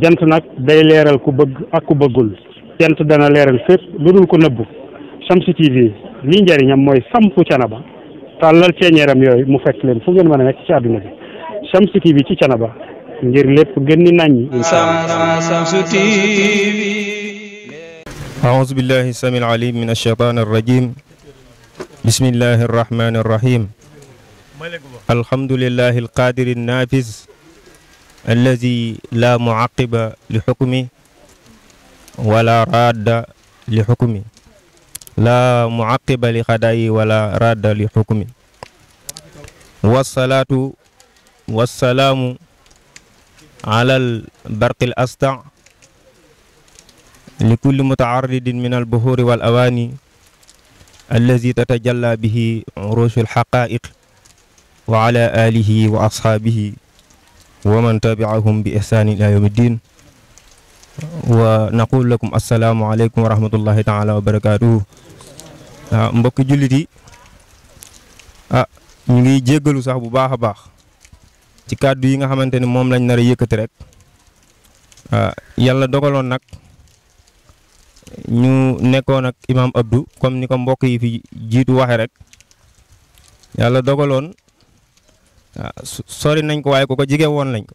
jant nag day leeral ku bëgg ak ku bëggul jant dana leeral fépp lu dul ko nëbbu Shamsu TV lii njëriñam mooy sampu canaba tàllal ceeñeeram yooyu mu fekk leen fu ngeen mën a nekk ci àdduna bi Shamsu TV ci canaba ngir lépp gën ni naññi insha Allah Shamsu TV أعوذ بالله السميع العليم من الشيطان الرجيم بسم الله الرحمن الذي لا معقب لحكمه ولا راد لحكمه لا معقب لقضائه ولا راد لحكمه والصلاة والسلام على البرق الأسطع لكل متعرض من البهور والأواني الذي تتجلى به عروش الحقائق وعلى آله وأصحابه wa man tabiahum bi ihsani ila yawmi din wa naqul lakum assalaamu aleykum wa rahmatullahi taala wa barakaatuhu ah, mbokki jullit yi ah ñu ngi jéggalu sax bu baax a baax ci kàddu yi nga xamante ne moom lañ nar a yëkkati rek ah, yàlla dogaloon nag ñu nekkoon ak imaam Abdou comme ni ko mbokk yi fi jiitu waxe rek yàlla dogaloon waaw ah, sori nañ ko waaye ko ko jige woon lañ ko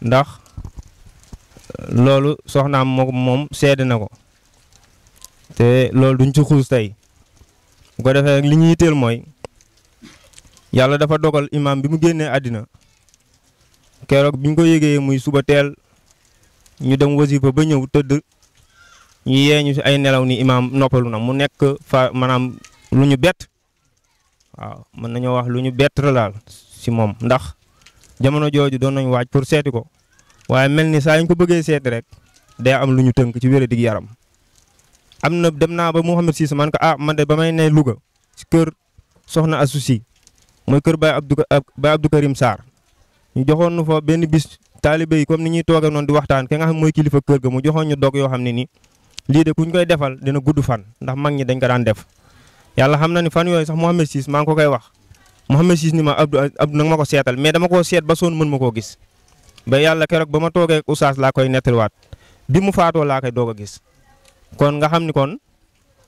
ndax eh, loolu soxnaam moom sedd na ko te loolu duñ ci xuus tey bu ko defee li ñuy yitteel mooy yàlla dafa dogal imaam bi mu génnee àddina keroog bi ñu ko yëgee muy suba teel ñu dem wasifa ba ñëw tëdd ñu yee ñu si ay nelaw ni imaam noppelu na mu nekk fa maanaam lu ñu bett waaw mën nañu wax lu ñu bett laal si moom ndax jamono jooju doon nañ waaj pour seeti ko waaye mel ni saa ñu ko bëggee seeti rek day am lu ñu tënk ci wér dig yaram. am na dem naa ba Mouhamed Cissé man ko ah man de ba may ne Louga si kër soxna Asusi mooy kër bay Abdou bay Abdou Karim sar ñu joxoon nu fa benn bis talibé yi comme ni ñuy toogee noonu di waxtaan ki nga xam mooy kilifa kër ga mu joxoon ñu dog yoo xam ne ni lii de kuñ koy defal dina gudd fan ndax mag ñi dañ ko daan def. yàlla xam na ni fan yooyu sax Mouhamed Ciss maa ngi ko koy wax Mouhamed Ciss ni ma Abdou Abdou nag ma ko seetal mais dama ko seet ba soon mën ma ko gis ba yàlla keroog ba ma toogee ak laa koy nettaliwaat bi mu faatoo laa koy doog a gis. kon nga xam ni kon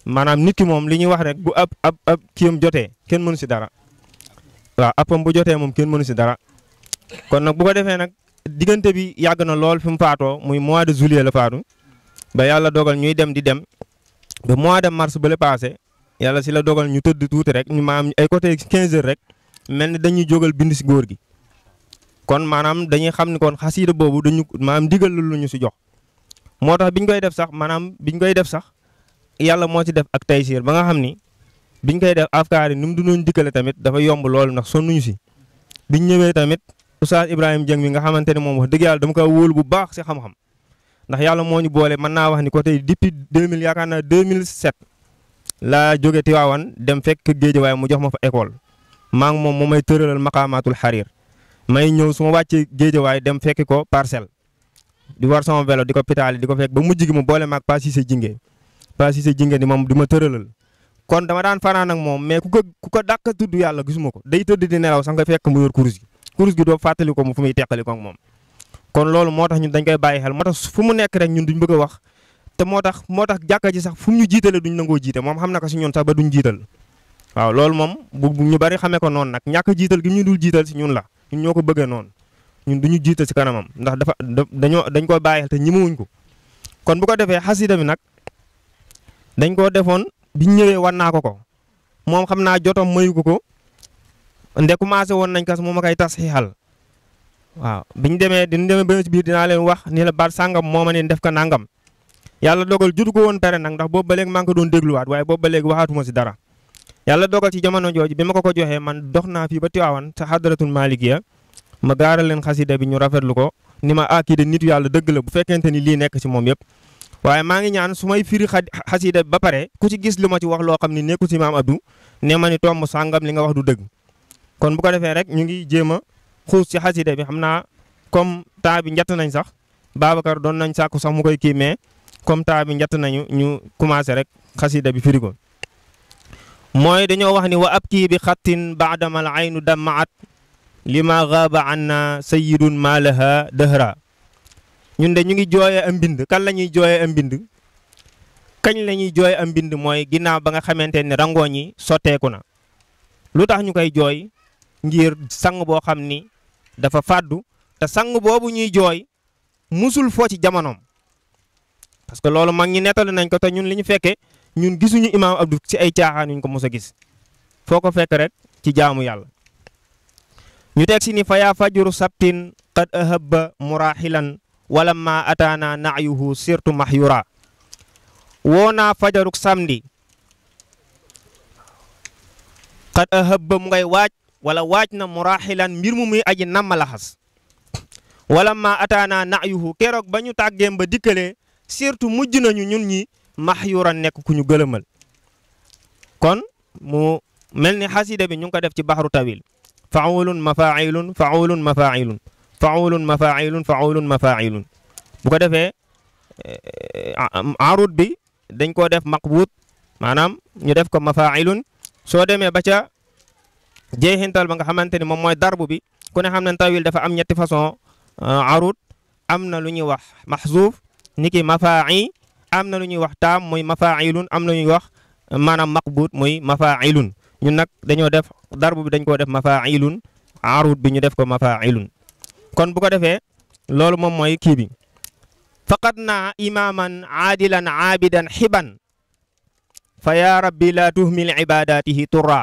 maanaam nit ki moom li ñuy wax rek bu ab ab ab jotee kenn mënu si dara waaw appam bu jotee moom kenn mënu si dara kon nag bu ko defee nag diggante bi yàgg na lool fi mu faatoo muy mois de juillet la faatu ba yàlla dogal ñuy dem di dem ba mois de mars ba le passé yàlla si la dogal ñu tëdd tuuti rek ñu maam ay côté 15 heures rek mel ni dañuy jógal bind si góor gi kon maanaam dañuy xam ne kon xasiida boobu dañu maanaam digal lu ñu si jox moo tax bi ñu koy def sax maanaam bi ñu koy def sax yàlla moo ci def ak taysiir ba nga xam ni biñ koy def afkaar yi ni mu dunoon dikkale tamit dafa yomb loolu ndax sonnuñu si biñ ñëwee tamit Oustaz Ibrahima Dieng mi nga xamante ne moom wax dëgg yàlla dama ko wóolu bu baax si xam-xam ndax moo ñu boole mën naa wax ni côté depuis 2000 yaakaar naa laa jóge Tiwaawan dem fekk géejawaay mu jox ma fa école maa ngi moom mu may tëralal maqaamaatul xariir may ñëw su ma wàccee géejawaay dem fekki ko parcelle di war sama vélo di ko pitaali di ko fekk ba mujj gi mu boole maag Pa Cissé Jinge Pa Cissé Jinge ni moom di ma tëralal kon dama daan fanaan ak moom mais ku ko ku ko dàq tudd yàlla gisuma ko day tëdd di nelaw sax nga fekk mu yor kurus gi kurus gi doo fàttali ko mu fu muy teqali ko ak moom kon loolu moo tax ñun dañ koy bàyyi xel ma tax fu mu nekk rek ñun duñu bëgg a wax te moo tax moo tax jàkka ji sax fu mu ñu jiitalee duñ nangoo jiite moom xam na ko si ñun sax ba duñ jiital waaw loolu moom bu ñu bari xamee ko noon nag ñàkk jiital gi ñu dul jiital si ñun la ñun ñoo ko bëggee noonu ñun du ñu jiital si kanamam ndax dafa dañoo dañ ko bàyyi te ñemewuñ ko. kon bu ko defee xasida bi nag dañ koo defoon biñ ñëwee wan naa ko ko moom xam naa jotoom mayu ko ko nde commencé woon nañ kas moom a koy tas xixal waaw biñ demee diñ demee ba ci biir dinaa leen wax ni la baat sàngam moo ma ne def ko nangam. yàlla dogal jotu ko woon tere nag ndax boobu ba léegi maa ngi ko doon dégluwaat waaye boobu ba léegi waxaatuma si dara yàlla dogal ci jamono jooju bi ma ko ko joxee man dox naa fii ba Tiwaawan sa xadratul malikiya ma gaaral leen xasida bi ñu rafetlu ko ni ma ah kii de yàlla dëgg la bu fekkente ni lii nekk si moom yëpp waaye maa ngi ñaan su may firi xasida ba pare ku ci gis li ma ci wax loo xam ne nekku si maam Abdou ne ma ni tomb sàngam li nga wax du dëgg kon bu ko defee rek ñu ngi jéem a xuus ci xasida bi xam naa comme temps bi njëtt nañ sax Babacar doon nañ sàkku sax mu koy kii mais comme temps bi njatt nañu ñu commencé rek xasida bi firi mooy dañoo wax ni wa kii bi xattin baadama al aynu dammaat li ma gaaba anna sayidun maa laha dëhra ñun de ñu ngi jooyee am mbind kan la ñuy jooyee mbind kañ lañuy ñuy jooy am mbind mooy ginnaaw ba nga xamante ne rangooñ yi sotteeku na lu tax ñu koy jooy ngir sang boo xam ni dafa fàddu te sang boobu ñuy jooy musul foo ci jamonoom parce que lolu mag ñi netal nañ ko te ñun liñu fekke ñun gisunu imam Abdou ci ay tiaxan ñu ko mësa gis foko ko fekk rek ci jaamu yalla ñu tek ci ni fa ya fajru sabtin qad ahabba murahilan wala ma ataana naayuhu sirtu mahyura, wona fajru fajaruk qad ahabba mu ngay waaj wala waaj na muraaxilan mbir mu muy aji namm wala ma ataana naayuhu kerok ba ñu ba surtout mujj nañu ñun ñi maxyura nek ku ñu gëlemal kon mu melni hasida bi ñu ko def ci bahru tawil faulun mafailun faulun mafailun faulun mafailun faulun mafailun bu ko defé arut eh, bi dañ ko def maqbut manam ñu def ko mafailun so démé ba ca jeexintal ba nga xamanteni mom moy darbu bi ku ne xam ne tawil dafa am ñetti façon arut eh, amna luñu wax mahzuf niki mafaa'i am na lu ñuy wax taam muy mafaa'ilun am na lu ñuy wax maanaam maqbuut muy mafaa'ilun ñun nag dañoo def darbu bi dañ koo def mafaa'ilun aruud bi ñu def ko mafaa'ilun kon bu ko defee loolu moom mooy kii bi faqad naa imaaman aadilan aabidan xiban fa yaa rabbi laa tuhmil ibadatihi turra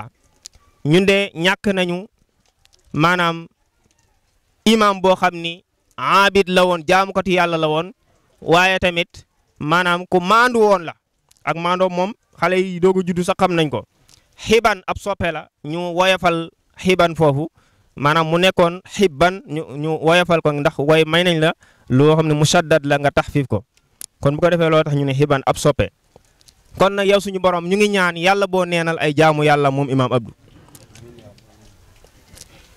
ñun de ñàkk nañu maanaam imaam boo xam ni aabid la woon jaamukati yàlla la woon waaye tamit maanaam ku maandu woon la ak maandoo moom xale yi doog juddu sax xam nañ ko xiban ab soppe la ñu woyafal xiban foofu maanaam mu nekkoon xibban ñu ñu woyafal ko ndax way may nañ la loo xam ne musaddad la nga tax taxfiif ko kon bu ko defee loo tax ñu ne xiban ab soppe kon nag yow suñu borom ñu ngi ñaan yàlla boo neenal ay jaamu yàlla moom imaam Abdou.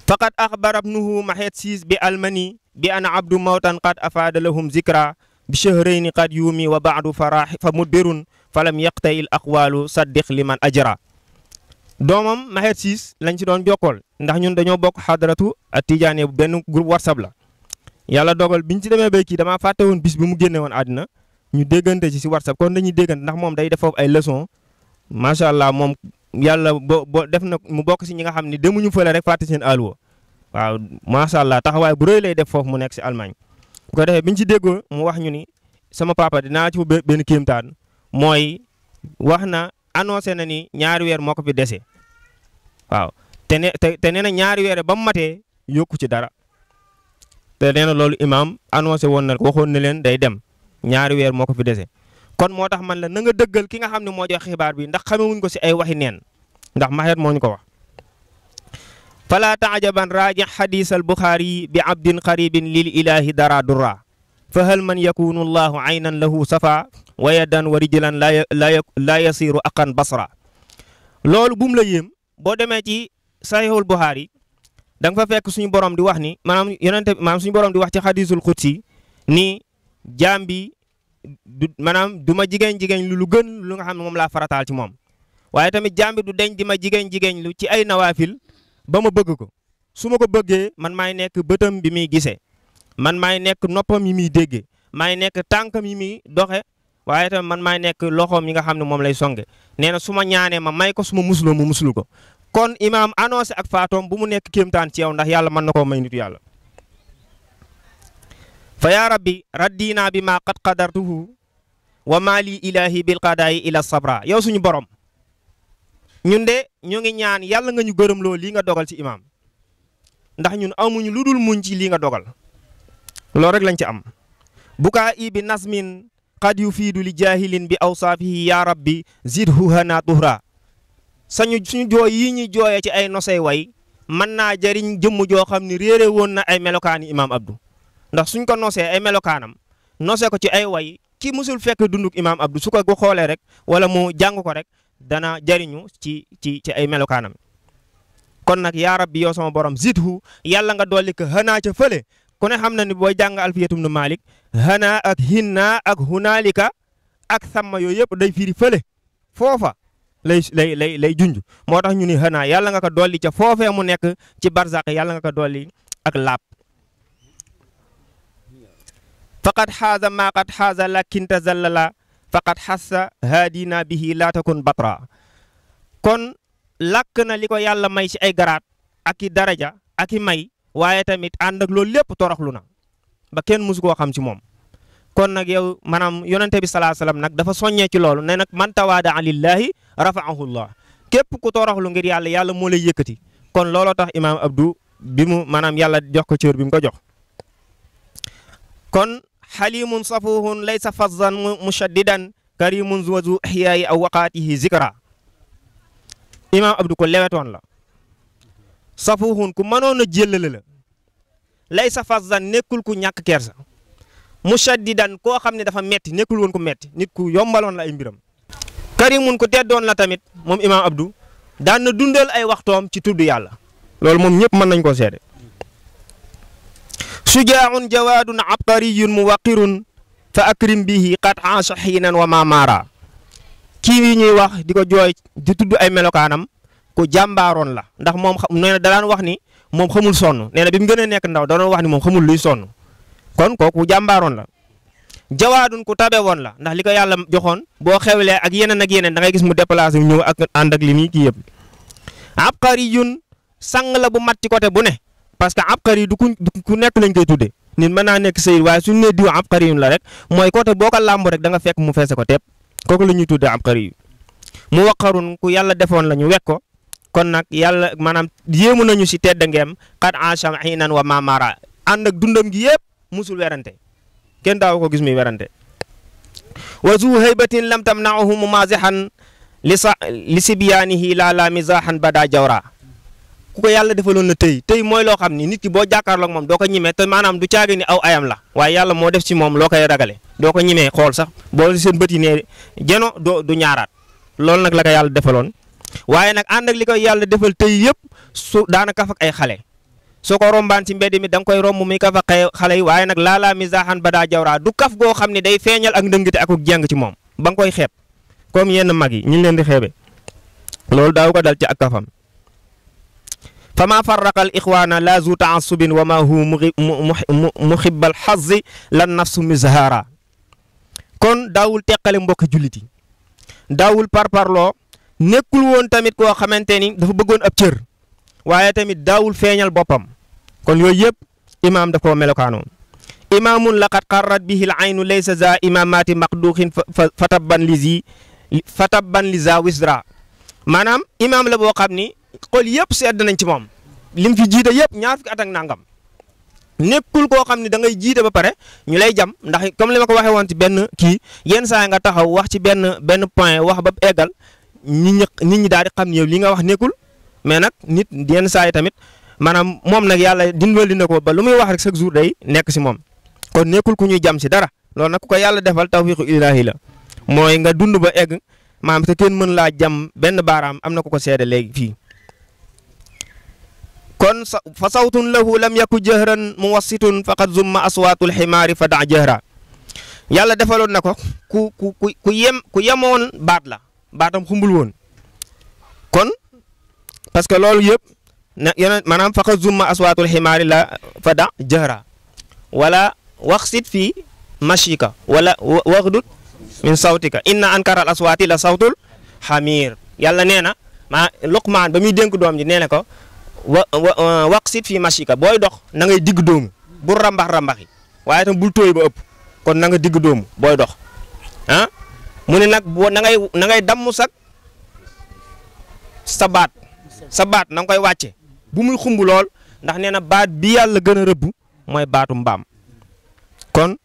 faqad axbara abnuhu maxeet siis bi almani bi ana abdu mawtan qad afaada zikra بشهرين قد يومي وبعد فراح فمدبر فلم يقتئ الأقوال صدق لمن أجرى doomam Mahet Siis lañ ci doon jokkool ndax ñun dañoo bokk xadaratu atijaane bu groupe whatsapp la yàlla dogal biñ ci demee bay kii damaa fàtte bis bi mu génne woon àddina ñu déggante ci si whatsapp kon dañuy déggante ndax moom day def foofu ay leçon macha allah bo bo def na mu bokk si ñi nga xam ne demuñu fële rek fàtte seen waaw allah bu lay def mu nekk Allemagne bu ko defee bi ci déggoo mu wax ñu ni sama papa dinaa ci benn benn kéemtaan mooy wax na annoncé na ni ñaari weer moo ko fi desee waaw te ne te nee na ñaari weer ba mu matee yokku ci dara te nee na loolu imaam annoncé woon na waxoon na leen day dem ñaari weer moo ko fi desee kon moo tax man la na nga dëggal ki nga xam ne moo jox xibaar bi ndax xamewuñ ko si ay waxi neen ndax Maxet moo ñu ko wax fala ta'jaban raaji hadis al Bukhari bi abdin qaribin lil ilahi dara durra fa hal man yakunu Allah aynan lahu safa wa yadan wa rijlan la ya, ya, yasiru aqan basra loolu bum la yem bo demee ci saxiixul Bukhari, da nga fa fek suñu borom di wax ni manam yonent manam suñu borom di wax ci al qudsi ni jambi, manam duma jigen jigen lu lu gën lu nga xam mom la faratal ci mom waye tamit jambi du deñ di ma jigen lu ci ay nawafil ba ma bëgg ko su ma ko bëggee man maay nekk bëtam bi muy gisee man maay nekk noppam yi muy déggee maay nekk tànkam yi muy doxe waaye tamit man maay nekk loxoom yi nga xam ne moom lay songe nee na su ma ñaanee ma may ko suma ma musloo mu muslu ko kon imaam annoncé ak faatoom bu mu nekk kéemtaan ci yow ndax yàlla mën na koo may nitu yàlla fa yaa rabbi raddinaa bi maa qad qadartuhu wa maa li ilaahi bilqadaayi ila sabra yow suñu borom ñun de ñu ngi ñaan yàlla nga ñu gërëm loo lii nga dogal ci imaam ndax ñun amuñu lu dul muñ ci lii nga dogal loolu rek lañ ci am bukaa i miin nasmin qad yufiidu li jaahilin bi awsaafihi yaa rabbi zidhu hana tuhra sañu suñu jooy yi ñuy jooyee ci ay nosey way mën naa jariñ jëmm joo xam ne réere woon na ay melokaani imaam Abdou ndax suñ ko nosee ay melokaanam nosee ko ci ay way ki musul fekk dunduk imaam Abdou su ko xoolee rek wala mu jàng ko rek dana jariñu ci ci ci ay melokaanam kon nag yaa rabbi yow sama borom zidhu yàlla nga dolli ko xanaa ca fële ku ne xam na ni booy jàng alfiyatum nu malik xanaa ak hinna ak hunaalika ak sàmma yooyu yëpp day firi fële foofa lay lay lay lay junj moo tax ñu ni xanaa yàlla nga ko dolli ca foofee mu nekk ci barzaq yàlla nga ko dolli ak laab faqad xaaza maa qad xaaza lakinta zallala faqad xassa haadina bihi laa takun batra kon lakk na li ko yàlla may si ay garaat ak i daraja ak i may waaye tamit ànd ak loolu lépp toroxlu na ba kenn musu koo xam si moom kon nag yow maanaam yonante bi salaa salaam nag dafa soññee ci loolu ne nag man tawaada lillahi rafaahu llah képp ku toroxlu ngir yàlla yàlla moo lay yëkkati kon looloo tax imaam Abdou bi mu maanaam yàlla jox ko cër bi mu ko jox xalimun safuhun laysa fazan mushaddidan karimun zuwazu xiyayi aw waqaatihi zikra imaam abdu ko lewetoon la safuhun ku mënoon a jëllale la laysa fazan nekkul ku ñàkk kersa mushaddidan koo xam ne dafa metti nekkul woon ku metti nit ku yombaloon la ay mbiram karimun ku teddoon la tamit moom imaam abdu daan na dundal ay waxtoom ci tudd yàlla loolu moom ñëpp mën nañ koo seede sujaaun jawaadun abqariyun muwaqirun fa akrim bihi qat'an shahinan wa ma maara kii ñuy wax di ko jooy di tudd ay melokaanam ku jàmbaaroon la ndax moom xam nee na da daan wax ni moom xamul sonn nee na bi mu gën nekk ndaw da wax ni moom xamul luy sonn kon kooku jàmbaaroon la jawaadun ku tabe woon la ndax li ko yàlla joxoon boo xewlee ak yeneen ak yeneen da gis mu déplacé wu ñëw ak ànd ak li muy kii yëpp abqariyun sang la bu mat ci côté bu ne parce que abqari du ku ku nekk lañ koy tuddee nit mën na nekk sayid waaye suñu nee diw abqari la rek mooy côté boo ko làmb rek danga nga fekk mu feese ko tepp kooku la ñuy tuddee abqari mu waqarun ku yàlla defoon la ñu ko kon nag yàlla maanaam yéemu nañu si tedd ngeem xat acham xiinan wa mamara ànd dundam gi yëpp musul werante kenn daaw ko gis muy werante wa zu haybatin lam tamnaahu mumaazixan li sa li sibyaanihi laa laa misaaxan bada jawra ku ko yàlla defaloon na tey tey mooy loo xam ni nit ki boo jàkkaarloog moom doo ko ñimee te maanaam du caagi ni aw ayam la waaye yàlla moo def ci moom loo koy ragale doo ko ñimee xool sax boo seen bët yi ne jeno doo du ñaaraat loolu nag la ko yàlla defaloon waaye nag ànd ak li koy yàlla defal tey yëpp su daanaka fak ay xale soo ko rombaan ci mbedd mi da nga koy romb muy kafa xale yi waaye nag laalaa misaaxaan ba daa jawraa du kaf goo xam ne day feeñal ak ndëngite ak jàng ci moom ba nga koy xeeb comme yenn mag yi ñu leen di xeebe loolu daaw ko dal ci ak kafam فما فرق الإخوان لا ذو تعصب وما هو مخب الحظ لن نفس مزهارا كون داول تقل مبوك جلدي داول بار بار وون تاميت كوا خمانتيني دفو بغون أبتر وآية تاميت داول فينيال بوبام كون يو يب إمام دفو ملوكانو إمام لقد قررت به العين ليس ذا إمامات مقدوخ فتبا لزي فتبا لزا وزرا مانام إمام لبو قبني xol yëpp sedd nañ ci moom li mu fi jiite yëpp ñaar fukki at ak nangam nekkul koo xam ne da ngay jiite ba pare ñu lay jam ndax comme li ma ko waxee woon ci benn kii yenn saa nga taxaw wax ci benn benn point wax ba eggal nit ñi nit ñi daal di xam ne li nga wax nekkul mais nag nit yenn saa yi tamit maanaam moom nag yàlla dimbali na ko ba lu muy wax rek chaque jour day nekk si moom kon nekkul ku ñuy jam si dara loolu nag ku ko yàlla defal tawfiqu ilaahi la mooy nga dund ba egg maanaam te kenn mën laa jam benn baaraam am na ko ko seede léegi fii. kon fa sawtun lahu lam yaku jëhran muwassitun faqad zumma aswaatul ximaari fa daa jëhra yàlla defaloon na ko ku ku ku yem ku yemoon baat la baatam xumbul woon kon parce que loolu yëpp na maanaam faqad zumma aswaatul ximaari la fa daa jëhra wala waxsit fii mashika wala waxdut min sawtika inna ankara al la sawtul xamiir yàlla nee na maa luqmaan ba muy dénk doom ji nee na ko wa wa waqsit fii machika booy dox na ngay digg dóomu bul rambax rambaxi waaye tam bul tooy ba ëpp kon na nga digg dóomu booy dox ah? mu ne nag boo na ngay na ngay damm sag sa baat sa baat na nga koy wàcce bu muy xumb lool ndax nee na baat bi yàlla gën a rëbb mooy baatu mbaam kon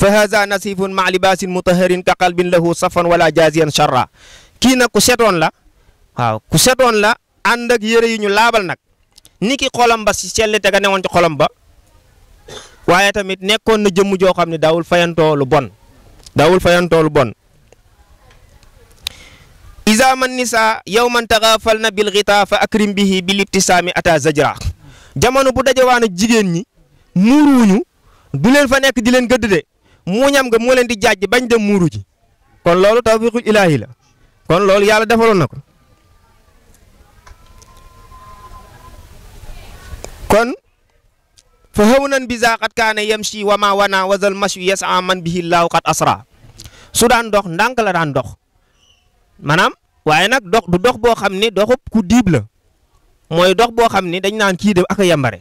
fa haza nasifun ma libaasin mutaharin ka qalbin lahu safan wala jaziyan charra kii nag ku setoon la waaw ku setoon la ànd ak yére yu ñu laabal nag ni ki xolam ba si sellite ga newoon ci xolam ba waaye tamit nekkoon na jëmm joo xam ne daawul fayantoo lu bon daawul fayantoo lu bon isa man nisa yow man taxaafal na bil xitaa fa akrim bihi bil ibtisaami ata zajra jamono bu dajewaan ak jigéen ñi muuruñu du leen fa nekk di leen gëdd de muuñam nga moo di jaaj bañ dem muuru ji kon loolu tawfiqul ilaahi la kon loolu yàlla defaloon na ko kon fa hawnan bi zaqat kaane yamshi wa ma wana wazal mashu yasa man bihi laahu qad asra su daan dox ndànk la daan dox maanaam waaye nag dox du dox boo xam ne doxub ku diib la mooy dox boo xam ne dañ naan kii de ak a yambare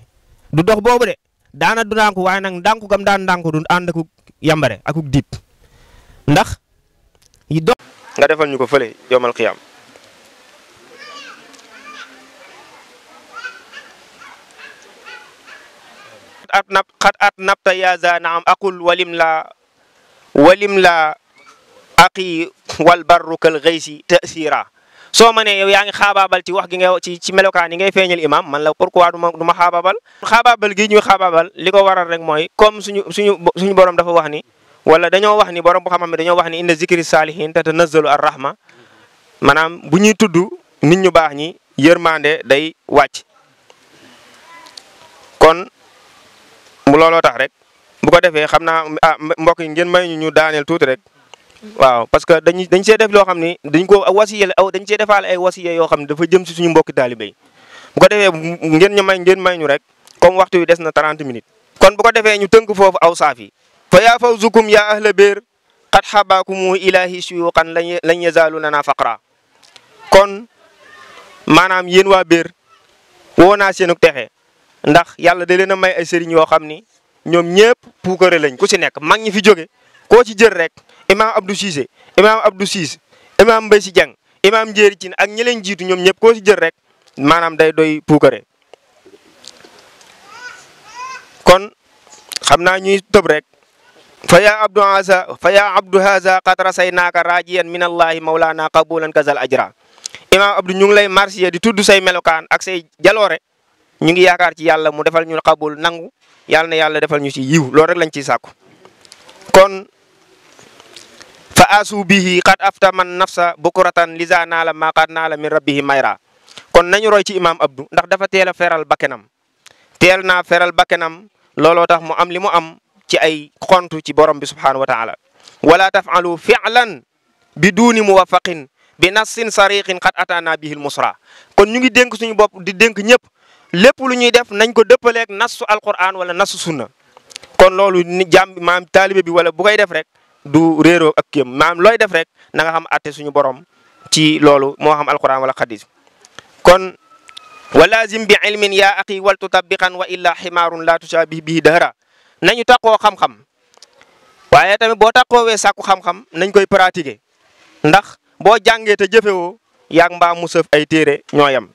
du dox boobu de daana du ndànku waaye nag ndànku gam daan ndànku du ànd akuk yambare akuk diib ndax yi dox nga defal ñu ko fële yowmal at nab xat at nabta ya za naam aqul walim laa walim laa aqi wal barrukal gaysi tasira soo ma ne yow yaa ngi xaabaabal ci wax gi nga ci ci melokaan yi ngay feeñal imam man la pourquoi du ma du ma xaabaabal xaabaabal gi ñuy xaabaabal li ko waral rek mooy comme suñu suñu suñu borom dafa wax ni wala dañoo wax ni borom bu xam ne dañoo wax ni inda zikri saalihin tatanazzalu ar rahma maanaam bu ñuy tudd nit ñu baax ñi yërmande day wàcc bu looloo tax rek bu ko defee xam naa ah mbokk yi ngeen may ñu daaneel tuuti rek waaw parce que dañ dañ see def loo xam ni dañ ko wasiye aw dañ see defaal ay wasiye yoo xam ne dafa jëm si suñu mbokki taalibe yi bu ko defee ngeen ñu may ngeen may ñu rek kom waxtu wi des na 30 minutes kon bu ko defee ñu tënk foofu aw saaf yi fa yaa fawzukum yaa ahla béer qad xabaakumu ilahi suyuqan lañ yazaalu lana faqra kon maanaam yéen waa béer woo naa seenu texe ndax yàlla da leen a may ay sëriñ yoo xam ni ñoom ñëpp puukare lañ ku si nekk mag ñi fi jóge koo ci jël rek imaam Abdou Cissé imaam Abdou Cissé imaam Mbaye si Dieng imaam Njeri Tine ak ñi leen jiitu ñoom ñëpp koo si jël rek maanaam day doy puukare kon xam naa ñuy tëb rek fa yaa abdu haza fa yaa abdu haza qad rasaynaaka raajiyan min allahi mawlaana qabulan kazal ajra imaam abdou ñu ngi lay marsiya di tudd say melokaan ak say jaloore ñu ngi yaakaar ci yàlla mu defal ñu xabul nangu yàlla na yàlla defal ñu ci yiw loolu rek lañ ciy sàkku kon fa asu bihi xat afta man nafsa bukuratan lisa naa la maaxaat naa la min rabbihi mayra kon nañu roy ci imaam Abdou ndax dafa teel a feral bakkenam teel naa feral bakkenam looloo tax mu am li mu am ci ay xontu ci borom bi subhaanahu wa taala wala tafalu filan bi duuni muwafaqin bi nassin sariqin xat ataana bihil musra kon ñu ngi dénk suñu bopp di dénk ñëpp lépp lu ñuy def nañ ko dëppaleeg nasu alquran wala nasu sunna kon loolu jam mam maam taalibe bi wala bu koy def rek du rero ak kéem maam looy def rek na nga xam atte suñu borom ci loolu moo xam alquran wala xadis kon wa bi ilmin yaa aqi wal tutabiqan wa illa ximaarun la tushabih bihi dahra nañu taqoo xam-xam waaye tamit boo taqoowee sàkku xam-xam nañ koy pratiquer ndax boo jàngee te jëfewoo yaag mbaa mu sëf ay téere ñooyam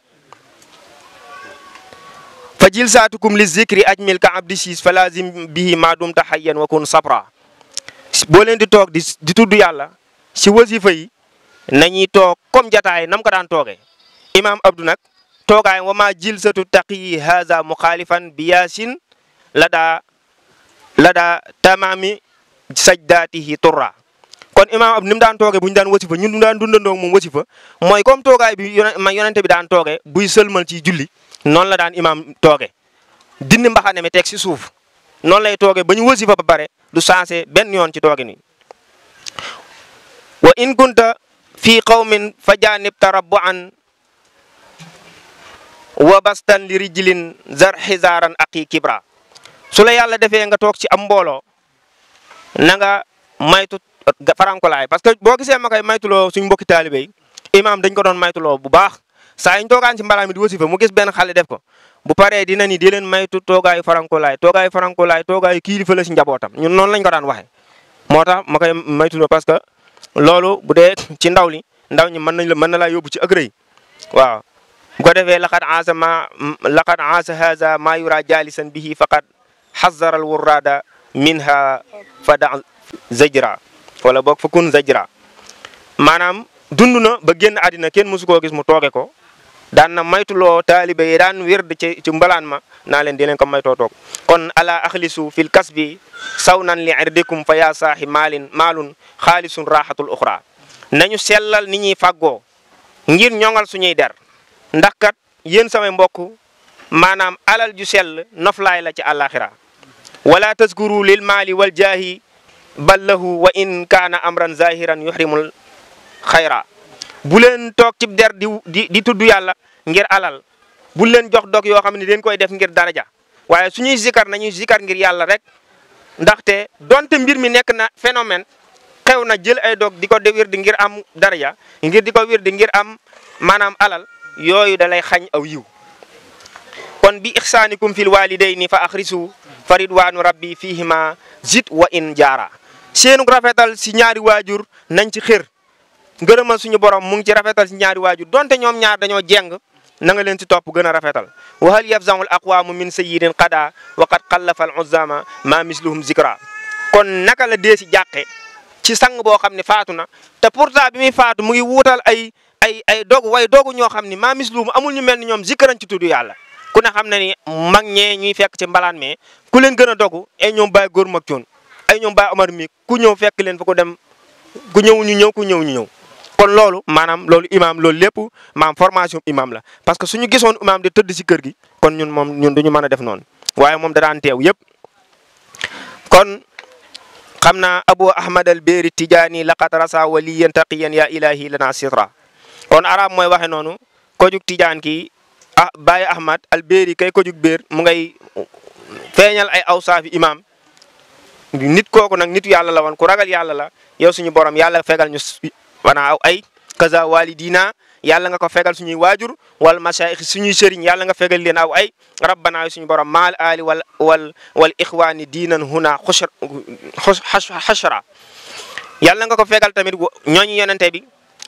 fa jilsaatukum li zikri ajmil ka abdi siis fa lazim bihi maa dumta hayyan wa kun sabra boo leen di toog di di tudd yàlla si wasifa yi toog comme jataay nam ko daan toogee imaam abdou nag toogaay wa maa jilsatu taqiyi haza muxaalifan bi yaasin la daa daa tamaami sajdaatihi turra kon imaam ab ni mu daan tooge bu ñu daan wasifa ñun daan dundandoog moom wasifa mooy comme toogaay bi ma yonente bi daan tooge buy sëlmal ci julli noonu la daan imaam tooge dindi mbaxane mi teg ci suuf noonu lay tooge ba ñu wasifa ba pare du changé benn yoon ci tooge ni wa in kunta fii qawmin fa janib tarabbuan wa bastan li rijlin zar xizaaran aqi kibra su la yàlla defee nga toog ci am mbooloo na nga maytu farankolaay parce que boo gisee ma koy maytuloo suñ mbokki taalibe imaam dañ ko doon maytuloo bu baax saa yiñ toogaan ci di di wasifa mu gis benn xale def ko bu pare dina ni di leen maytu toogaayu farankolaay toogaayu farankolaay toogaayu kilifa la ci njabootam ñun noonu lañ ko daan waxee moo tax ma koy maytu parce que loolu bu dee ci ndaw li ndaw ñi mën nañ la mën na laa yóbbu ci agré waaw bu ko defee laqad aasa ma laqad aasa haza maa yura jaalisan bihi faqad xazara al wurrada minha fa da zajra wala boog fa kun zajra maanaam dund na ba génn àddina kenn mësu koo gis mu tooge ko daan na maytuloo taalibe yi daan wird ci ci mbalaan ma naa leen di leen ko maytoo toog kon ala axlisu fil kasbi saw nan li irdikum fa yaa saaxi maalin maalun xaalisun raaxatul uxra nañu sellal ni ñuy fàggoo ngir ñoŋal suñuy der ndax kat yéen samay mbokk maanaam alal ju sell noflaay la ci àllaaxira wala taskuru lil maali wal jaahi bal wa in kaana amran zahiran yuhrimul xayra bu len tok ci der di di tuddu yalla ngir alal bu len jox dog yo xamni den koy def ngir daraja waye suñuy zikar nañu zikar ngir yalla rek ndaxte donte mbir mi nek na phénomène xewna na jël ay dog diko ko di ngir am daraja ngir diko ko wir di ngir am manam alal yoyu da xagn aw yiw kon bi ihsanikum fil walidayni fa farid fa rabbi fihima zid wa in jara seenu rafetal si ñaari wajur nañ ci xir ngërëmal suñu borom mu ngi ci rafetal si ñaari waajur donte ñoom ñaar dañoo jeng na nga leen ci topp gën a rafetal wa hal yafzahu al aqwaamu min sayyidin qada wa qad xallafa al uzama ma misluhum zikra kon naka la dee si jàqe ci sang boo xam ne faatu na te pourtant bi muy faatu mu ngi wuutal ay ay ay dogu way dogu ñoo xam ne ma misluhum amul ñu mel ni ñoom zikran ci tudd yàlla ku ne xam na ni mag ñee ñuy fekk ci mbalaan mais ku leen gën a dogu ay ñoom bàyyi góor mag coon ay ñoom bàyyi omar mi ku ñëw fekk leen fa ko dem ku ñëw ñu ñëw ku ñëw ñu ñëw kon lolu manam lolu imam lolu lepp maam formation imam la parce que suñu gisoon imam di teud ci kër gi kon ñun mom ñun duñu mëna def non waye mom da daan teew kon xamna abu ahmad al bir tijani, laqad rasa waliyan taqiyan ya ilahi lana sitra kon arab moy waxe nonu ko juk tijan ki ah baye ahmad al bir kay ko juk bir mu ngay feñal ay awsaafi imam nit kooku nag nitu yalla la won ku ragal yalla la yow suñu borom yalla fegal ñu wana aw ay kaza walidina yàlla nga ko fegal suñuy waajur wal masaayix suñuy sëriñ yàlla nga fegal leen aw ay rabbana suñu borom maal ali wal wal wal ixwaani diinan huna xashra yàlla nga ko fegal tamit ñooñu yonente bi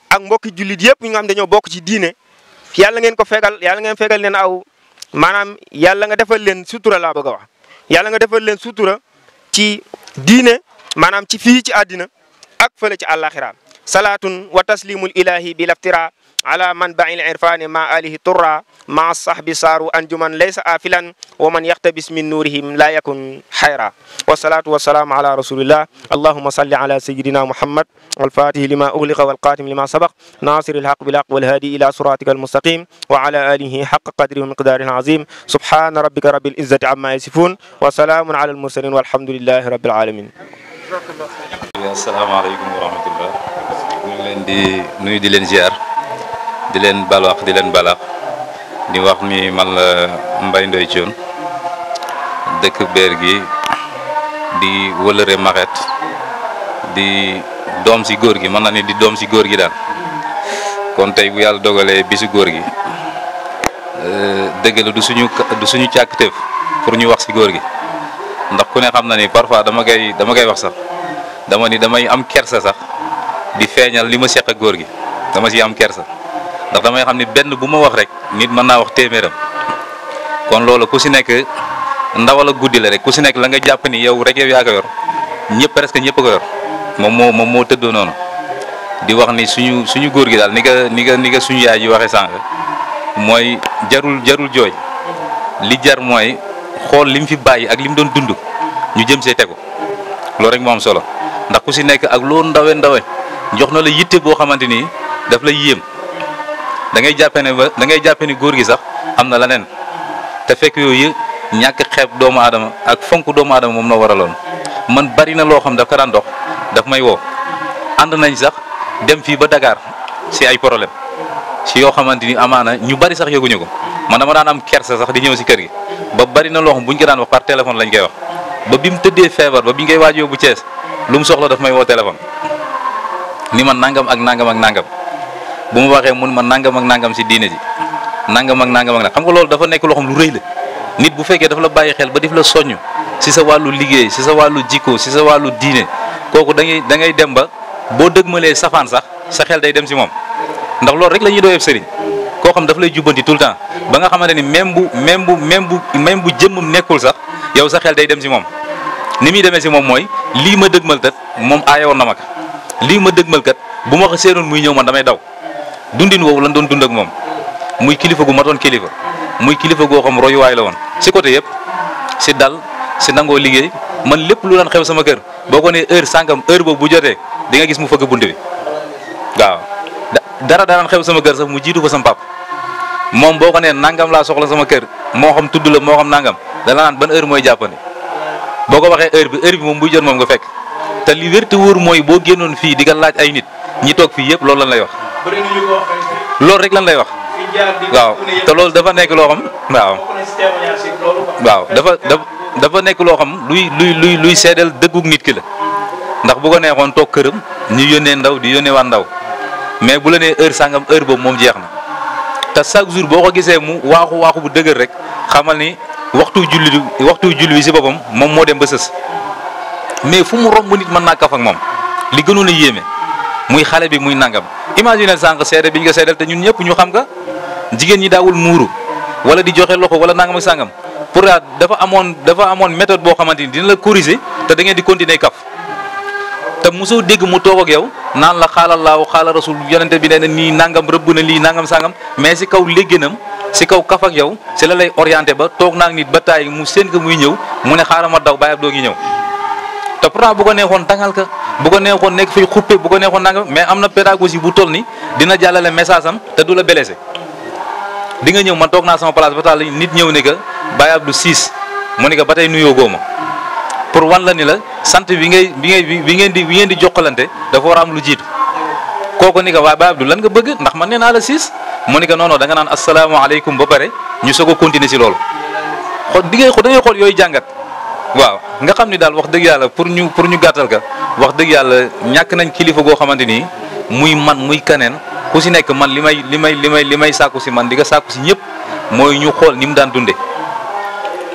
ak mbokki jullit yëpp ñu nga xam dañoo bokk ci diine yàlla ngeen ko fegal yàlla ngeen fegal leen aw maanaam yàlla nga defal leen sutura laa bëgg a wax yàlla nga defal leen sutura ci diine maanaam ci fii ci àddina ak fële ci àllaaxira صلاة وتسليم الإله بلا افتراء على منبع العرفان مع آله ترى مع الصحب صاروا أنجما ليس آفلا ومن يقتبس من نورهم لا يكن حيرا والصلاة والسلام على رسول الله اللهم صل على سيدنا محمد الفاتح لما أغلق والقاتم لما سبق ناصر الحق بالحق والهادي إلى صراطك المستقيم وعلى آله حق قدره ومقداره عظيم سبحان ربك رب العزة عما يصفون وسلام على المرسلين والحمد لله رب العالمين السلام عليكم ورحمة الله leen di nuyu di leen ziar di leen balaax di leen balaax di wax ni man la Mbaye Ndoye Thion dëkk beer gi di wëlëre maxet di doom si góor gi mën na ni di doom si góor gi daal kon tey bu yàlla dogalee bi si góor gi euh, dëgg la du suñu du suñu càkkutéef pour ñu wax si góor gi ndax ku ne xam na ni parfois dama koy dama koy wax sax dama ni damay am kersa sax di feñal li sekk seq ak góor gi dama ci am kersa ndax dama xamni ni benn buma wax rek nit mën wax téméram kon loolu ku ci nekk ndawal ak guddi la rek ku ci nekk la nga japp ni yow rek yow ya ko yor ñepp presque ñepp ko yor mom mom mo teddo tëddoo di wax ni suñu suñu góor gi dal ni nga ni nga ni nga suñu yaaji waxe sank moy jarul jarul joy, li jar moy xol lim aglim fi dundu, ak lim doon dundu ñu jëm lo rek mo am solo ndax ku ci nekk ak lo ndawé ndawé jox na la yitte boo xamante ni daf la yéem da ngay jàppe ne da ngay jàppe ni góor gi sax am na leneen te fekk yooyu ñàkk xeeb doomu aadama ak fonk doomu aadama moom la waraloon man bari na loo xam daf ko daan dox daf may wo ànd nañ sax dem fii ba Dakar si ay problème si yoo xamante ni amaana ñu bari sax yëguñu ko man dama daan am kersa sax di ñëw si kër gi ba bari na loo xam buñ ko daan wax par téléphone lañ koy wax ba bi tëddee feebar ba bi ngay waaj yóbbu Thiès lu mu soxla daf may woo téléphone ni ma nangam ak nangam ak nangam bu mu waxee mun ma nangam ak nangam si diine ji nangam ak nangam ak nangam xam nga loolu dafa nekk loo xam lu rëy la nit bu fekkee dafa la bàyyi xel ba def la soññ si sa wàllu liggéey si sa wàllu jikko si sa wàllu diine kooku dangay ngay dem ba boo dëgmalee safaan sax sa xel day dem si moom ndax loolu rek lañuy ñuy doyee koo xam daf lay jubbanti tout le temps ba nga xamante ni même bu même bu même bu même bu jëmmam nekkul sax yow sa xel day dem si moom ni muy demee si moom mooy lii ma dëgmal tat moom aayewoon na ma lii ma dëgmal kat bu ma ko muy ñëw man damay daw dundin woowu lan doon dund ak moom muy kilifa gu matoon kilifa muy kilifa goo xam royuwaay la woon si côté yëpp si dal si nangoo liggéey man lépp lu daan xew sama kër boo ko nee heure sàngam heure boobu bu jotee di nga gis mu fëgg bunt bi waaw dara daan xew sama kër mu jiitu ko sama pàpp moom boo ko nee nangam laa soxla sama kër moo xam tudd la moo xam nangam dala naan ban heure mooy jàppandi boo ko waxee heure bi heure bi moom buy jot moom nga fekk te li wérti wóor mooy boo génnoon fii di nga laaj ay nit ñi toog fii yëpp loolu lan lay wax. loolu rek lan lay wax. waaw te loolu dafa nekk loo xam waaw. waaw dafa dafa dafa nekk loo xam luy luy luy luy seedeel dëggug nit ki la ndax bu ko neexoon toog këram ñu yónnee ndaw di yónnee waan ndaw mais bu la nee heure sangam heure boobu moom jeex na te chaque jour boo ko gisee mu waaxu waaxu bu dëgër rek xamal ni waxtu julli waxtu julli bi si boppam moom moo dem ba sës. mais fu mu romb nit mën naa kaf ak moom li gënoon a yéeme muy xale bi muy nangam imagine sànq seede biñ nga seedal te ñun ñëpp ñu xam nga jigéen ñi daawul muuru wala di joxe loxo wala nangam ak sàngam pour dafa amoon dafa amoon méthode boo xamante ni dina la corriger te da ngeen di continuer kaf te mosoo dégg mu toog ak yow naan la xaalal laaw xaalal rasul yonente bi nee na nii nangam rëbb na lii nangam sàngam mais si kaw léggéenam si kaw kaf ak yow si la lay orienté ba toog naa ak ba taay mu seen ko muy ñëw mu ne xaaral ma daw bàyyi doo ngi ñëw. te pourtant bu ko neexoon tangal ka bu ko neexoon nek fay xuppe bu ko neexoon nang mais amna pédagogie bu toll ni dina jàllale message am te dula blessé di nga ñëw man tok na sama place ba tal nit ñëw ni que Baye Abdou Ciss mo ni que batay nuyo goma pour wan la ni la sante wi ngay bi ngay bi ngay di bi ngay di jokkalante dafa war am lu jiitu koko ni ga wa Baye Abdou lan nga bëgg ndax man nee la Ciss mo ni que nono da nga assalamu alaykum ba ñu soko continuer ci lool xol di ngay xol da ngay xol yoy jangat waaw nga xam ni daal wax dëgg yàlla pour ñu pour ñu gàttal ka wax dëgg yàlla ñàkk nañ kilifa goo xamante ni muy man muy keneen ku si nekk man li may li may li may li may sàkku si man di nga sàkku si ñëpp mooy ñu xool ni mu daan dunde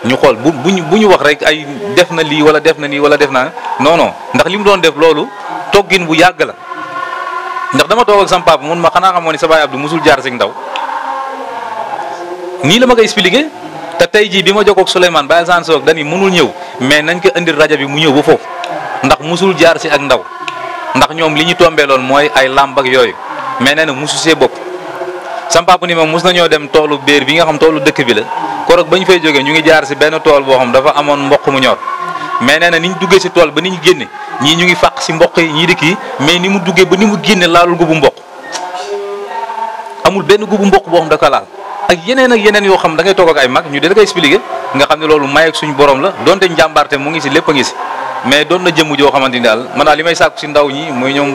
ñu xool bu bu bu ñu wax rek ay def na lii wala def na nii wala def naa non non ndax li mu doon def loolu toggin bu yàgg la ndax dama toog ak sam papa mun ma xanaa xamoon ni sa baay Abdou musul jaar si ndaw nii la ma koy expliquer ta tay ji bima jokk jokkoog Souleymane Baye Assane ak dañuy mënul ñew mais nañ ko andir bi mu ñew bu fof ndax musul jaar si ak ndaw ndax ñom liñu tombé tombee moy ay lamb ak yoy mais nee musu sé bop sam papa ni mus dem tolu beer bi nga xam tolu dëkk bi la ko rek bañ fay joggé ñu ngi jaar si benn tool bo xam dafa amon mbokk mu ñor mais nee niñ duggé ci si tool ba niñ génné ñi ñu ngi faq ci mbokk yi ñii mais ni mu duggé ba ni mu génné laalul gubu mbokk amul benn gubu mbokk daka xam da laal ak yeneen ak yeneen yo xam da ngay tok ak ay mag ñu de koy expliquer nga xam ni lolu may ak suñu borom la donte njambarte mu ngi ci lepp a ngi si mais don na jëm jo xamanteni dal man daal limay sakku ci ndaw ñi moy ñom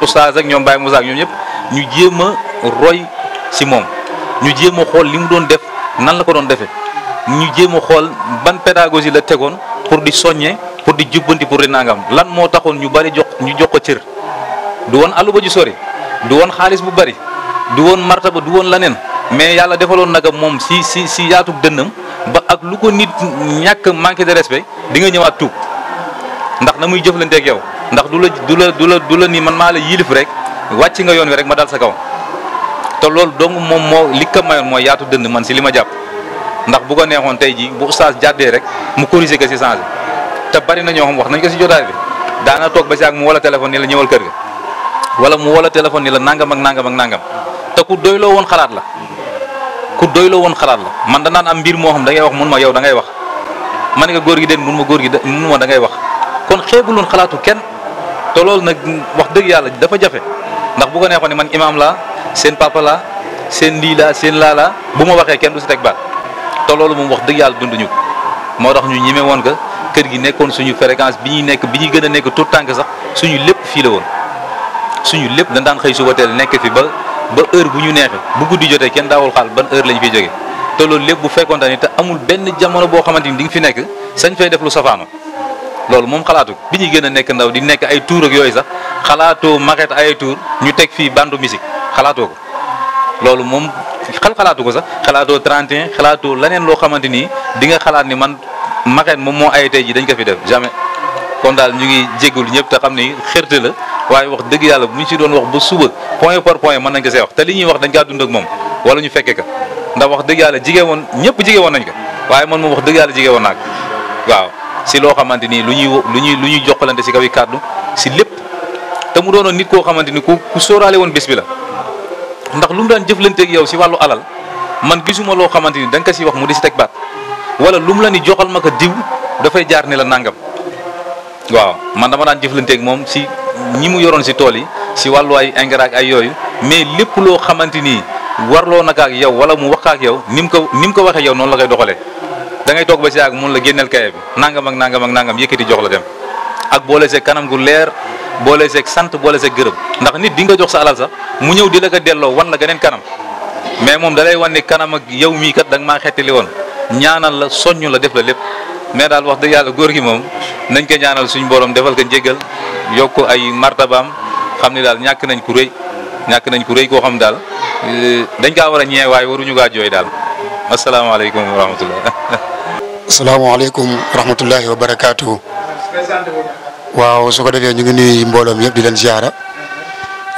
oustaz ak ñom Baye ak ñu jema roy ci mom ñu jema xol limu don def nan la ko don defé ñu jema xol ban pédagogie la tégon pour di soñé pour di jubanti pour lan mo taxone ñu bari jox ñu jox ko cër du won alu ba ju sori du won xaliss bu bari du won martaba du won lanen mais yàlla defaloon naka moom si si si yaatug dënnam ba ak lu ko nit ñàkk manqué de respect di nga ñëw ak tuub ndax na muy jëflanteeg yow ndax du la du la du la du la ni man maa la yilif rek wàcc nga yoon wi rek ma dal sa kaw te loolu dong moom moo li ko mayoon mooy yaatu dënn man si li ma jàpp ndax bu ko neexoon tey jii bu oustaz jàddee rek mu corriger ko si changé te bari na ñoo xam wax nañ ko si jotaay bi daana toog ba si ak mu wala téléphone ni la ñëwal kër wala mu wala téléphone ni la nangam ak nangam ak nangam te ku doyloo woon xalaat la ku doyloo woon xalaat la man danaan am mbir moo xam da ngay wax mun ma yow da ngay wax ma ne ko góor gi den mun ma góor gi mun ma da ngay wax kon xeebuloon xalaatu kenn te loolu nag wax dëgg yàlla dafa jafe ndax bu ko neexoon ne man imaam laa seen papalaa laa seen lii laa seen laa laa bu ma waxee kenn du si teg baat te loolu moom wax dëgg yàlla dunduñu ko moo tax ñu ñime woon ko kër gi nekkoon suñu fréquence bi ñuy nekk bi ñuy gën a nekk tout tànk sax suñu lépp fii la woon suñu lépp dañ daan xëy suba teel nekk fi ba ba heure bu ñu neexee bu guddi jotee kenn daawul xaal ban heure lañu fiy jege te loolu lépp bu fekkonte ni te amul benn jamono boo xamante ni di nga fi nekk sañ fay def lu safaano loolu moom xalaatu bi ñuy gën a nekk ndaw di nekk ay tour yooyu sax xalaatoo maquette ay ñu teg fii bandu musique xalaatoo ko loolu moom xal xalaatu ko sax xalaatoo 31 xalaatoo leneen loo xamante ni di nga xalaat ni man maquette moom moo ay ji dañ ko fi def jamais kon daal ñu ngi jéggul ñëpp te xam ni xërte la waye wax deug yalla buñ ci doon wax ba suba point par point man nañ ko see wax te li ñuy wax dañ ka dund ak mom wala ñu fekke ka ndax wax deug yalla jigéen won ñepp jigéen won nañ ko waye man mo wax deug yalla jigéen won nak waaw si lo xamanteni luñuy luñuy luñuy lu ci lu kaddu si kaw si te mu doono nit ko xamanteni ku ku sóoraale won bés bi la ndax lu mu daan ak yow si walu alal man gisuma lo xamanteni dañ ka nga si wax mu di si tek baat wala lu mu la ni joxal ma diw da fay jaar ni la nangam waaw man dama daan jëflanteeg mom si ñi mu yoroon si tool yi si wàllu ay engrais ay yooyu mais lépp loo xamante ni warloo naka ak yow wala mu wax ak yow ni mu ko ni mu ko waxee yow noonu la koy doxalee dangay toog ba si ak mun la génneel kaye bi nangam ak nangam ak nangam yëkkati jox la dem ak boole seeg kanam gu leer boole see sant boole seeg gërëm ndax nit di nga jox sa alal sax mu ñëw di la ko delloo wan la geneen kanam mais moom da lay wan ne kanam ak yow mii kat da nga maa xettali woon ñaanal la soññ la def la lépp mais daal wax dëgg yàlla góor gi moom nañ ko ñaanal suñu borom defal ko njéggal yokk ay martabaam xam ni daal ñàkk nañ ku rey ñàkk nañ ku rëy koo xam daal euh, dañ kaa war a ñee waaye waruñu kaa jooy daal asalaamaaleykum wa rahmatullah. asalaamaaleykum wa rahmatullahi wa barakaatu. waaw su ko defee ñu ngi nuyu mbooloom yëpp di leen ziara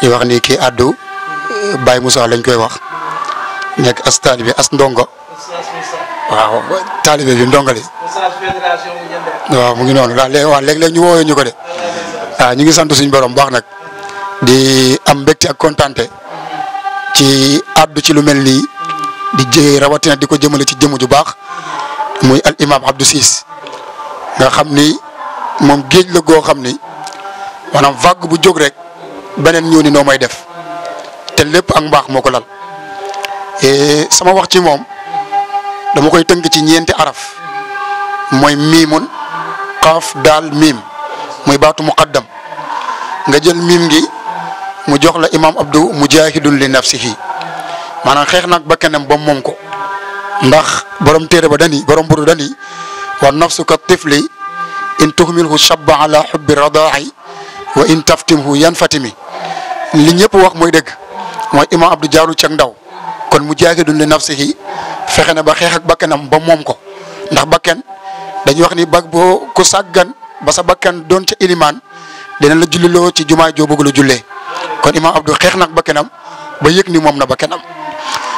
ñu wax ni kii addu euh, Baye Moussa lañ koy wax nekk as taalibe as ndongo. waaw taalibe bi ndongale. waaw mu ngi noonu daal léegi waaw léeg-léeg ñu woowee ñu ko de. waaw ñu ngi sant suñu borom baax nag. di am mbégte ak kontante. ci addu ci lu mel ni di jë rawatina di ko jëmale ci jëmm ju baax. muy al imaam Abdou Ciss. nga xam ni moom géej la goo xam ni maanaam vague bu jóg rek beneen ñëw ni noo may def te lépp ak mbaax moo ko lal sama wax ci moom. dama koy tënk ci ñeenti araf mooy miimun xaaf daal miim muy baatu muqaddam nga jël miim ngi mu jox la imaam Abdou mujahidun li nafsihi maanaam xeex nag ba kenam ba moom ko ndax borom téere ba dani borom buru dani wa nafsu ka tifli in tuhmilhu shabba ala hubbi radaahi wa in taftimhu yanfatimi li ñëpp wax mooy dëgg mooy imaam Abdou jaaru cag ndaw kon mu jaahidun li nafsihi fexe na ba xex ak bakanam ba mom ko ndax bakkan dañ wax ni bak bo ku saggan ba sa bakkan don ci iliman dina la julliloo ci jumaa jo bëgg lu jullee kon imam Abdou xex nak bakanam ba yek ni mom na bakanam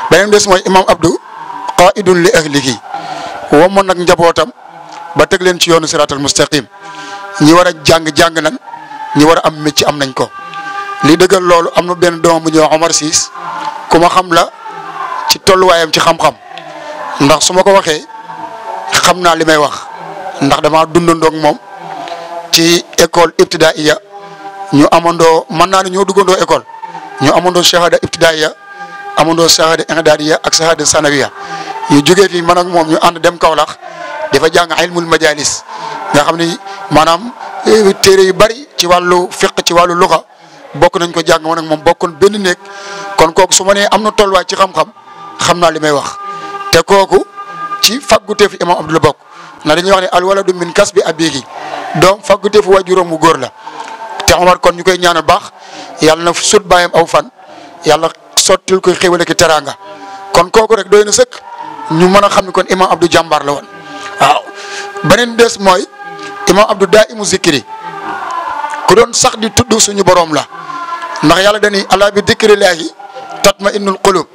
benen dess moy imam Abdou qaidun li ahlihi nak njabotam ba len ci yoonu siratal mustaqim ñi wara jang jang nan ñi wara am metti am nañ ko. li deugal lolu amna ben bu Omar kuma xam la ci wayam ci xam-xam ndax suma ko waxe xamna limay wax ndax dama dundandoo ak moom ci école ibtidaiya ñu amando man na ñu ñoo école ñu amando shahada ibtidaiya amando shahada indaadiya ak shahada sanawiya ñu joge fi man ak mom ñu and dem kaolax difa jang ilmul majalis nga xamni manam, maanaam eh, tere yu bari ci walu fiqh ci walu luxa bokku nañ ko jang won ak mom bokku ben nek kon kooku suma ne amna tolwa ci xam-xam xam naa li may wax te kooku ci fagguteefu imam Abdou la bokk na dañuy wax ne alwaladu min kasbi abiihi doom fagguteefu waajuram mu góor la te Omar kon ñu koy ñaanal baax yàlla na sut bàyyam aw fan yàlla sottil koy xéwale ki teraanga kon kooku rek doy na sëkk ñu mën a xam ne kon imam Abdou jàmbaar la woon waaw beneen des mooy imam Abdou daa imu zikri ku doon sax di tudd suñu borom la ndax yàlla dañuy ala bi dikri laahi tatma innul qulub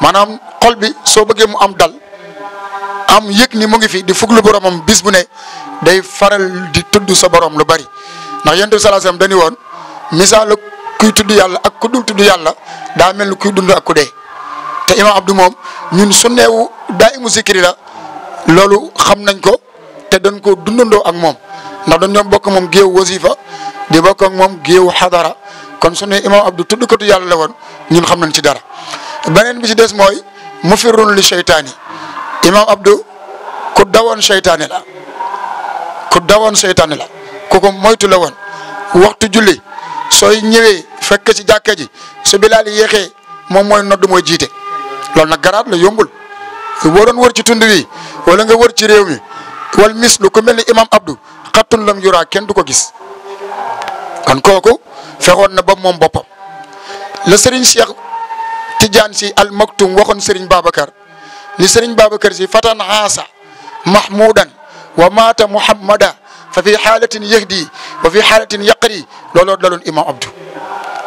maanaam xol bi soo bëggee mu am dal am yëg ni mu ngi fi di fuglu boromam bis bu ne day faral di tudd sa borom lu bari ndax yonent bi sallallahu alayhi wasallam dañu woon misaal kuy tuddu yàlla ak ku dul tudd yàlla daa mel ni kuy dund ak ku dee te imam Abdou moom ñun su neewu daa imu zikri la loolu xam nañ ko te dan ko dundandoo ak moom ndax dañ ñoom bokk moom géew wasifa di bokk ak moom géew xadara kon su ne imam Abdou tudd ko tu yàlla la woon ñun xam nañ ci dara beneen bi ci des mooy mufirrun li seytaani imaam Abdou ku dawoon seytaane la ku dawoon seytaane la ku ko moytu la woon waxtu julli sooy ñëwee fekk ci jàkka ji su bilaal yéexee moom mooy nodd mooy jiite loolu na garaat la yombul waroon doon wër ci tund wi wala nga wër ci réew mi wal mis lu ko mel ni imaam Abdou xattun la yuraa kenn du ko gis kon kooku fexoon na ba moom boppa la Serigne Cheikh. tijaan si al maktum waxoon Serigne Babacar ni Serigne Babacar si fatan haasa mahmudan wa maata muhammada fa fi xaalatin yahdi wa fi xaalatin yaqri looloo daloon imam Abdou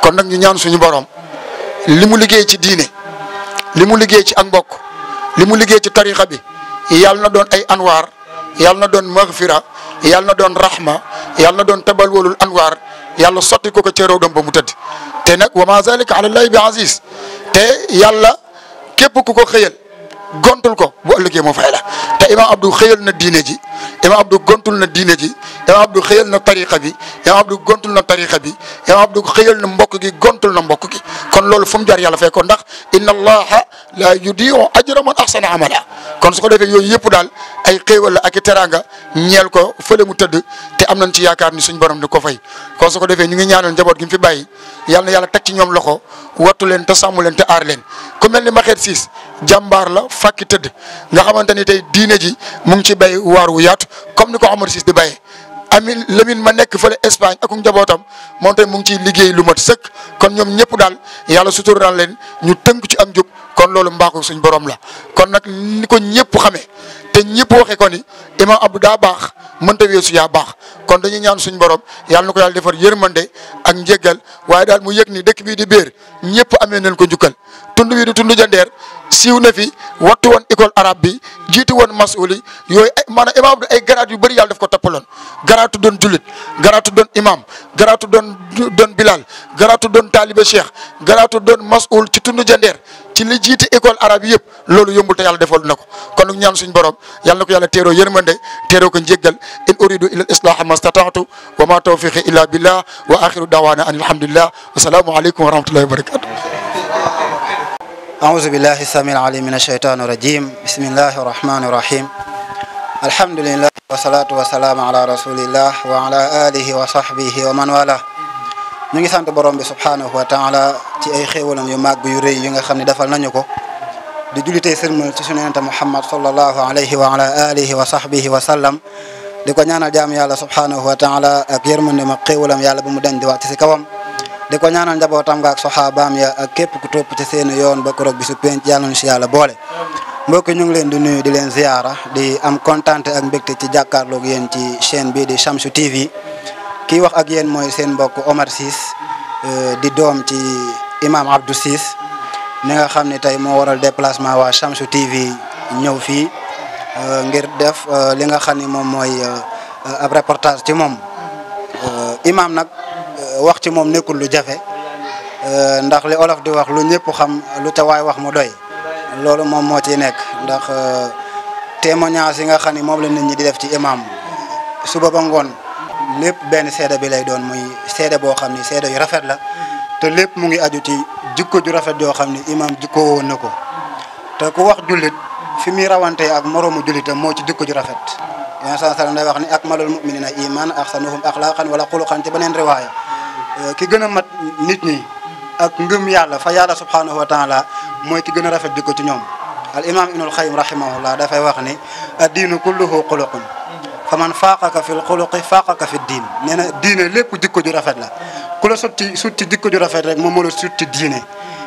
kon nag ñu ñaan suñu borom li mu liggéey ci diine li mu liggéey ci ak mbokk li mu liggéey ci tarixa bi yàlla na doon ay anwaar yàlla na doon maghfira yal na doon rahma yàlla na doon tabalwalul anwaar yàlla sotti ko ko ca ba mu tëdd te nag wa ma zalika ala bi aziz te yàlla képp ku ko xëyal gontul ko bu ëllëgee mu fay la te Imam Abdou xëyal na diine ji imam abdou gontul na diine ji imam abdou xëyal na tariqa bi imam abdou gontul na tariqa bi imam abdou xëyal gontul na mbokk kon loolu fu mu jaar yàlla fee ko ndax inna allaha la yudiu ajra man a amala kon su ko defee yooyu yëpp daal ay xéewal la ak i teraanga ñeel ko fële mu tëdd te am nañ ci yaakaar ni suñ borom di ko fay kon su ko defee ñu ngi ñaanal njaboot gi mu fi bàyyi yàlla na yàlla teg ci ñoom loxo wattu leen te sàmm leen te aar leen ku mel ni maxeet siis jàmbaar la fàkki tëdd nga xamante noot comme ni ko Omar Cissé di Amin Lamine ma nekk fële Espagne ak njabootam moom tey mu ngi ciy liggéey lu mat sëkk kon ñoom ñëpp daal yàlla suturaal leen ñu tënk ci am jub kon loolu mbaaxu suñ borom la kon nag ni ko ñëpp xamee te ñëpp waxee ko ni imam Abdou daa baax mënta weesu yaa baax kon dañuy ñaan suñ borom yàlla na ko yàlla man de ak njéggal waaye daal mu yëg ni dëkk bii di béer ñëpp amee nañ ko njukkal tund bii di tund jandeer siiw na fi wattu woon école arab bi jiitu woon masuli yooyu ay maana imam Abdou ay garaat yu bëri yàlla daf ko tappaloon garaatu doon julit garaatu doon imam garaatu doon doon bilal garaatu doon taalibe cheikh garaatu doon masul ci tund jandeer ci li jiite école arabe yëpp loolu yombul te yàlla defal na ko kon nag ñaan suñ borom yàlla na ko yàlla teeroo yërmande teeroo ko njéggal in uridu illa islaha mastataatu wa ma tawfiqi illa billah wa axiru dawana an alhamdulillah wasalaamu aleykum wa rahmatullahi wa barakatu أعوذ بالله السميع العليم من الشيطان الرجيم بسم الله الرحمن الرحيم الحمد لله والصلاة والسلام على رسول الله وعلى آله وصحبه ومن والاه ñu ngi borom bi subhanahu wa taala ci ay xéewalam yu màgg yu rëy yi nga xam ne defal nañu ko di jullitee sërmal ci sunu yonente Muhammad sallallahu alayhi wa ala alihi wa sahbihi wa sallam di ko ñaanal jaam yàlla subhanahu wa taala ak yërmande ma xéewalam yàlla bu mu dañ di wàcc ci kawam di ko ñaanal njabootam nga ak soxaabaam ya ak képp ku topp ci seen yoon ba korog bi su penc yàlla ñu si yàlla boole mbokk ñu ngi leen di nuyu di leen ziyaara di am kontaan ak mbégte ci jàkkaarloog yéen ci chaîne bi di Shamsu TV kii wax ak yeen moy seen mbokk Omar Sis euh, di dom ci imam Abdou sis, ni nga xamne tay mo waral déplacement wa Shamsu TV ñew fi euh, ngir def euh, li nga xamne mom moy ab reportage ci mom imam nak wax ci mom nekul lu jafe ndax li olaf di wax lu ñepp xam lu ta way wax mu doy lolu mom mo ci nek ndax témoignage yi nga xam mom la nit ñi di def ci imam suba ba ngone lépp benn seede bi lay doon muy seede boo xam ni seede yu rafet la te lépp mu ngi aju ci jikko ju rafet yoo xam ni imaam jikko woon ko te ku wax jullit fi muy rawantee ak moroomu jullitam moo ci jikko ju rafet yonent saa sallam day wax ni akmalul mu'minina iman ahsanuhum axlaaqan wala xuluqan ci beneen riwaaya euh, ki gën a mat nit ñi ak ngëm yàlla fa yàlla subhanahu wa taala mooy ki gën a rafet jikko ci ñoom al imam ibnul xayim rahimahullah dafay wax ni ad diinu kulluhu xuluqun fa man faaqaka fil xuluqi faaqaka fi diin nee diine lépp jikko ju rafet la ku la sut ci sut ci jikko ju rafet rek moom moo la sut ci diine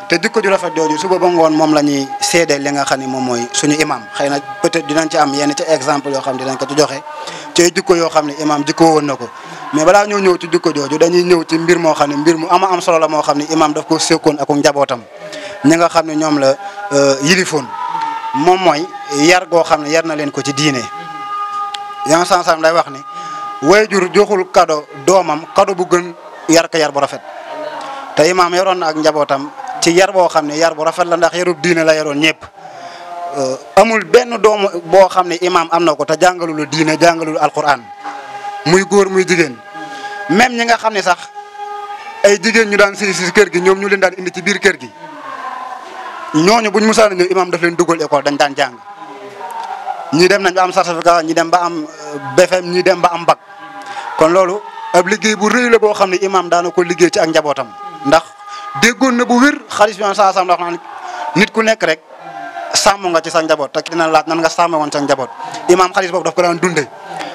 te jikko ju rafet jooju suba ba ngoon moom la ñuy seede li nga xam ne moom mooy suñu imam xëy na peut-être dinañ ci am yenn ci exemple yoo xam ne dinañ ko ci joxe ci jikko yoo xam ne imam jikko woon na ko mais balaa ñoo ñëw ci jikko jooju dañuy ñëw ci mbir moo xam ne mbir mu ama am solo la moo xam ne imam daf ko sekkoon ak njabootam ñi nga xam ne ñoom la euh, yilifoon moom mooy yar goo xam ne yar na leen ko ci diine yaa ngi sànq day wax ni waajur joxul kado doomam kado bu gën yar ko yar bu rafet. te imaam yaroon na ak njabootam ci yar boo xam ne yar bu rafet la ndax yarub diine la yaroon ñëpp amul benn doom boo xam ne imaam am na ko te jàngalul diine jàngalul alquran muy góor muy jigéen même ñi nga xam ne sax ay jigéen ñu daan si kër gi ñoom ñu leen daan indi ci biir kër gi ñooñu bu ñu a ñëw imaam daf leen dugal école dañ daan jàng. ñii dem nañ ba am certificat ñi dem ba am euh, BFM ñii dem ba am bac kon loolu ab liggéey bu rëy la boo xam ne imaam daan ko liggéey ci ak njabootam ndax déggoon na bu wér xalis bi saa sam wax naan nit ku nekk rek sàmm nga ci sa njaboot te dina laaj nan nga sàmm woon sa njaboot imaam xaalis boobu daf ko daan dunde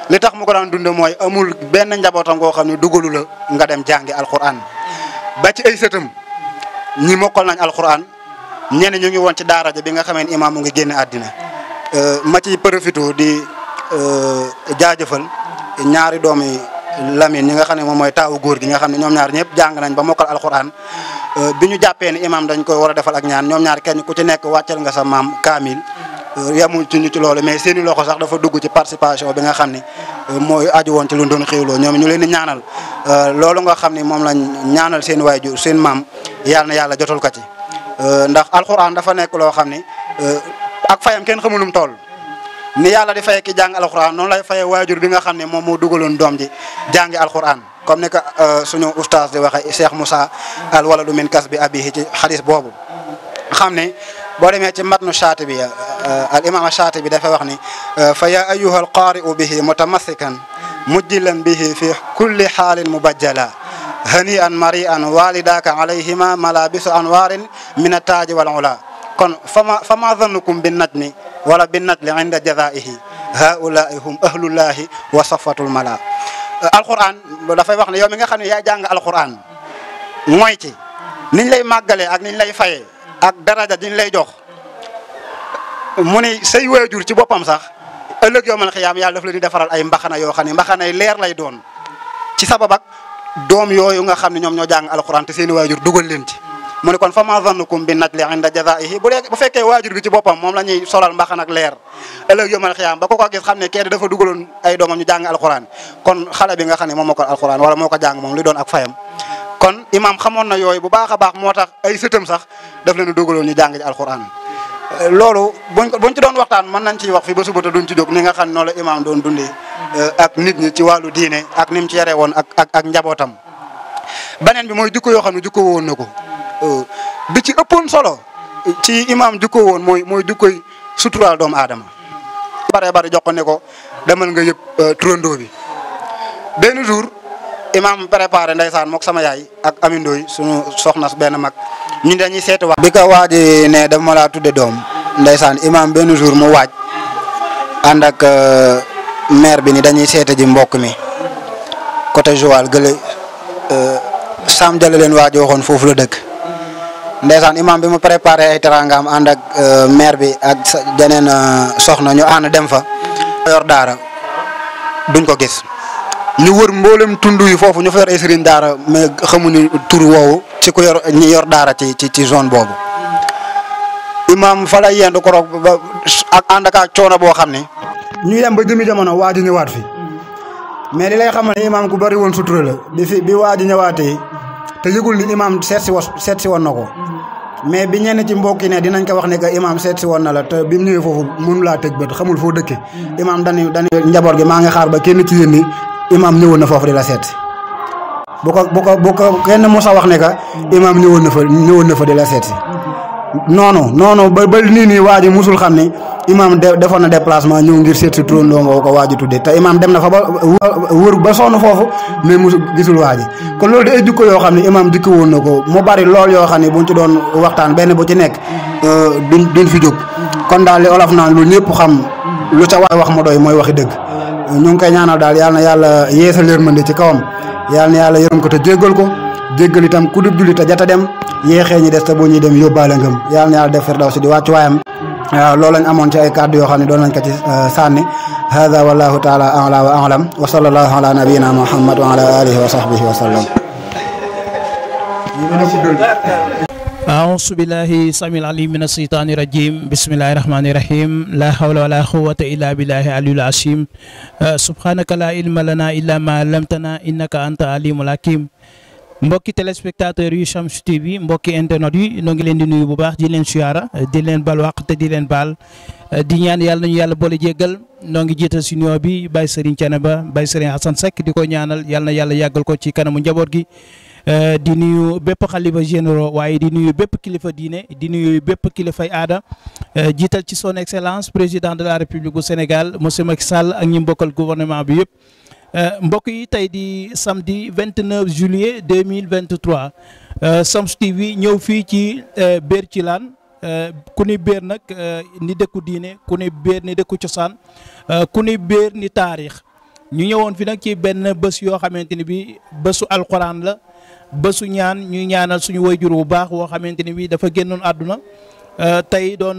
li tax mu ko daan dunde mooy amul benn njabootam koo xam ne dugalu nga dem jàngi alquran ba ci ay sëtam ñi mokkal nañ alquran ñenn ñu ngi woon ci daa ja bi nga xamee ne imaam mu ngi génn àddina Euh, ma ci profité di euh, jaajëfal ñaari doomi Lamine ñi nga xam ne moom mooy taawu góor gi nga xam ne ñoom ñaar ñëpp jàng nañ ba mokkal alxuraan euh, bi ñu jàppee ni imam dañ koy war a defal ak ñaan ñoom ñaar kenn ku ci nekk wàccal nga sa maam kaamil yamul ci ñu ci loolu mais seen i loxo sax dafa dugg ci participation bi nga xam ne mooy aju woon ci lu doon xéwloo ñoom ñu leen di ñaanal loolu nga xam ne moom lañ ñaanal seen jur seen maam yal na yàlla jotal ko ci ndax alxuraan dafa nekk loo xam ne ak fayam kenn xamul nu toll ni yàlla di fay ki jàng alxuraan non lay fay wajur bi nga xamne mom mo moo dom doom ji jàngi alxuraan comme ni ko suñu oustaz di waxe Cheikh Moussa al waladu min kasbi abih ci hadith bobu xamne bo demé ci matnu shatibi al imam Shaatibi dafa wax ni fa ya ayyuha al qari'u bihi mutamassikan mujjilan bihi fi kulli halin mubajjala هنيئا مريئا والداك عليهما ملابس انوار من التاج والعلا kon fama fama zannukum bin najmi wala bin najli inda jazaihi haulaai hum ahlullahi wa safatul mala alquran dafay wax ne yow mi nga xam ne yaa jàng alquran mooy ci niñ lay màggalee ak niñ lay fayee ak daraja diñ lay jox mu ni say waajur ci boppam sax ëllëg yow man xiyaam yàlla daf leen di defaral ay mbaxana yoo xam ne mbaxana yi leer lay doon ci sabab ak doom nga xam ne ñoo jàng alquran te seen i waajur dugal ci mu ne kon fa ma zannukum bi najli inda jazaihi bu dee bu fekkee waajur bi ci boppam moom la ñuy solal mbaxan ak leer ëllëg yomal xiyaam ba ko ko xam ne kee dafa dugaloon ay doomam ñu jàng alxuraan kon xale bi nga xam ne moom moo ko alxuraan wala moo ko jàng moom li doon ak fayam imaam xamoon na yooyu bu baax a baax moo tax ay sëtam sax daf le a dugaloon ñu jàng alxuraan loolu buñ buñ ci doon waxtaan mën nañ ciy wax fi ba suba te duñ ci jóg ni nga xam ne noonu la imaam doon dundee euh, ak nit ñi ci wàllu diine ak ni mu ci yare woon ak ak njabootam beneen bi mooy dikko yoo xam ne jikko woon na ko euh, bi ci ëppoon solo ci imaam jikko woon mooy mooy jikkoy suturaal doomu aadama bare bare jox ko ne ko demal nga yëg euh, turandoo bi benn jour imaam préparé ndeysaan mook sama yaay ak amindooy suñu soxna benn mag ñun dañuy seeta wax bi ko waaji ne daf ma laa tudde doom ndeysaan imaam benn jour mu waaj ànd ak euh, maire bi ni dañuy seete ji mbokk mi côté Joal gële Euh, Sam Jalle leen waaji waxoon foofu la dëkk ndeysaan imam bi mu préparé ay terangaam ànd ak euh, maire bi ak jeneen euh, soxna ñu ànd dem fa yor daara duñ ko gis ñu wër mboolem tund yi foofu ñu fa yor ay sëriñ daara mais xamuñu tur woowu ci ku yor ñi yor daara ci ci ci zone boobu imam fa lay yendu koroog ba ak ànd boo xam ni ñuy dem ba jëmi jamono waaji fi mais li lay xamal ne imaam ku bari woon sutura la bi fi bi waa ji ñëwaatee te yëgul ni imaam seet si was na ko mais bi ñenn ci mbokki dinañ ko wax ne que imaam seet si woon na la te bi mu ñëwee foofu mënu laa tëj bët xamul foo dëkke imaam dañu dañu njaboot gi maa ngi xaar ba bu ko bu ko bu ko kenn musa wax ne que imaam ñëwoon na fa ñëwoon na fa di la seet si noonu noonu ba ba nii nii musul xam ne imaam defoon na déplacement ñëw ngir seet si turóon doo nga ko waaju tudde te imaam dem na fa ba wër ba sonn foofu mais mu gisul waaji kon loolu day jikko yoo xam ne imaam jikko woon na ko mu bari lool yoo xam ne buñ ci doon waxtaan benn bu ci nekk euh, duñ duñ fi jóg kon daal li olof naan lu ñëpp xam lu ca waay wax mu doy mooy waxi dëgg ñu ngi koy ñaanal daal yal na yàlla ma yërmande ci kawam yàlla na yàlla yërëm ko te jéggal ko jéggal itam ku dub julli te jata dem yéexee ñi des te bu ñuy dem yóbbaale ngëm yàlla na yàlla def firdaw loolu lañ amoon ci ay kàddu yoo xam ne doon lañ ko ci sànni hada wallahu taala ala wa alam wa sallallahu ala nabiyina muhammad wa ala alihi wa sahbihi wa sallam أعوذ بالله السميع العليم من الشيطان الرجيم بسم الله الرحمن الرحيم لا حول ولا قوة إلا بالله العلي العظيم سبحانك لا علم لنا إلا ما علمتنا إنك أنت عليم الحكيم mbokki téléspectateurs yu Shamsu TV mbokki internet yi noo ngi leen di nuyu bu baax di leen siyaara di leen bal wax te di leen baal di ñaan yàlla nañu yàlla boole jéggal noo ngi jiital si nuyoo bi bay Baye Serigne ba Baye Serigne Assane Seck di ko ñaanal yàlla na yàlla yàggal ko ci kanamu njaboot gi. Euh, di nuyu bépp xalifa généraux waaye di nuyu bépp kilifa diine di nuyu bépp kilifay aada euh, jiital ci son excellence président de la république bu Sénégal monsieur Macky Sall ak ñi mbokkal gouvernement bi yëpp. Euh, mbokk yi tey di samedi 29 juillet 2023 Shamsu TV ñëw fii ci euh, Béer Thilane euh, ku ni béer nag ni dëkku diine ku ni béer ni dëkku cosaan ku ni béer ni taarix ñu ñëwoon fi nag ci benn bés yoo xamante ni bi bësu alxuraan la bésu ñaan ñu ñaanal suñu wayjur bu baax woo xamante ni bi dafa génnoon àdduna tey doon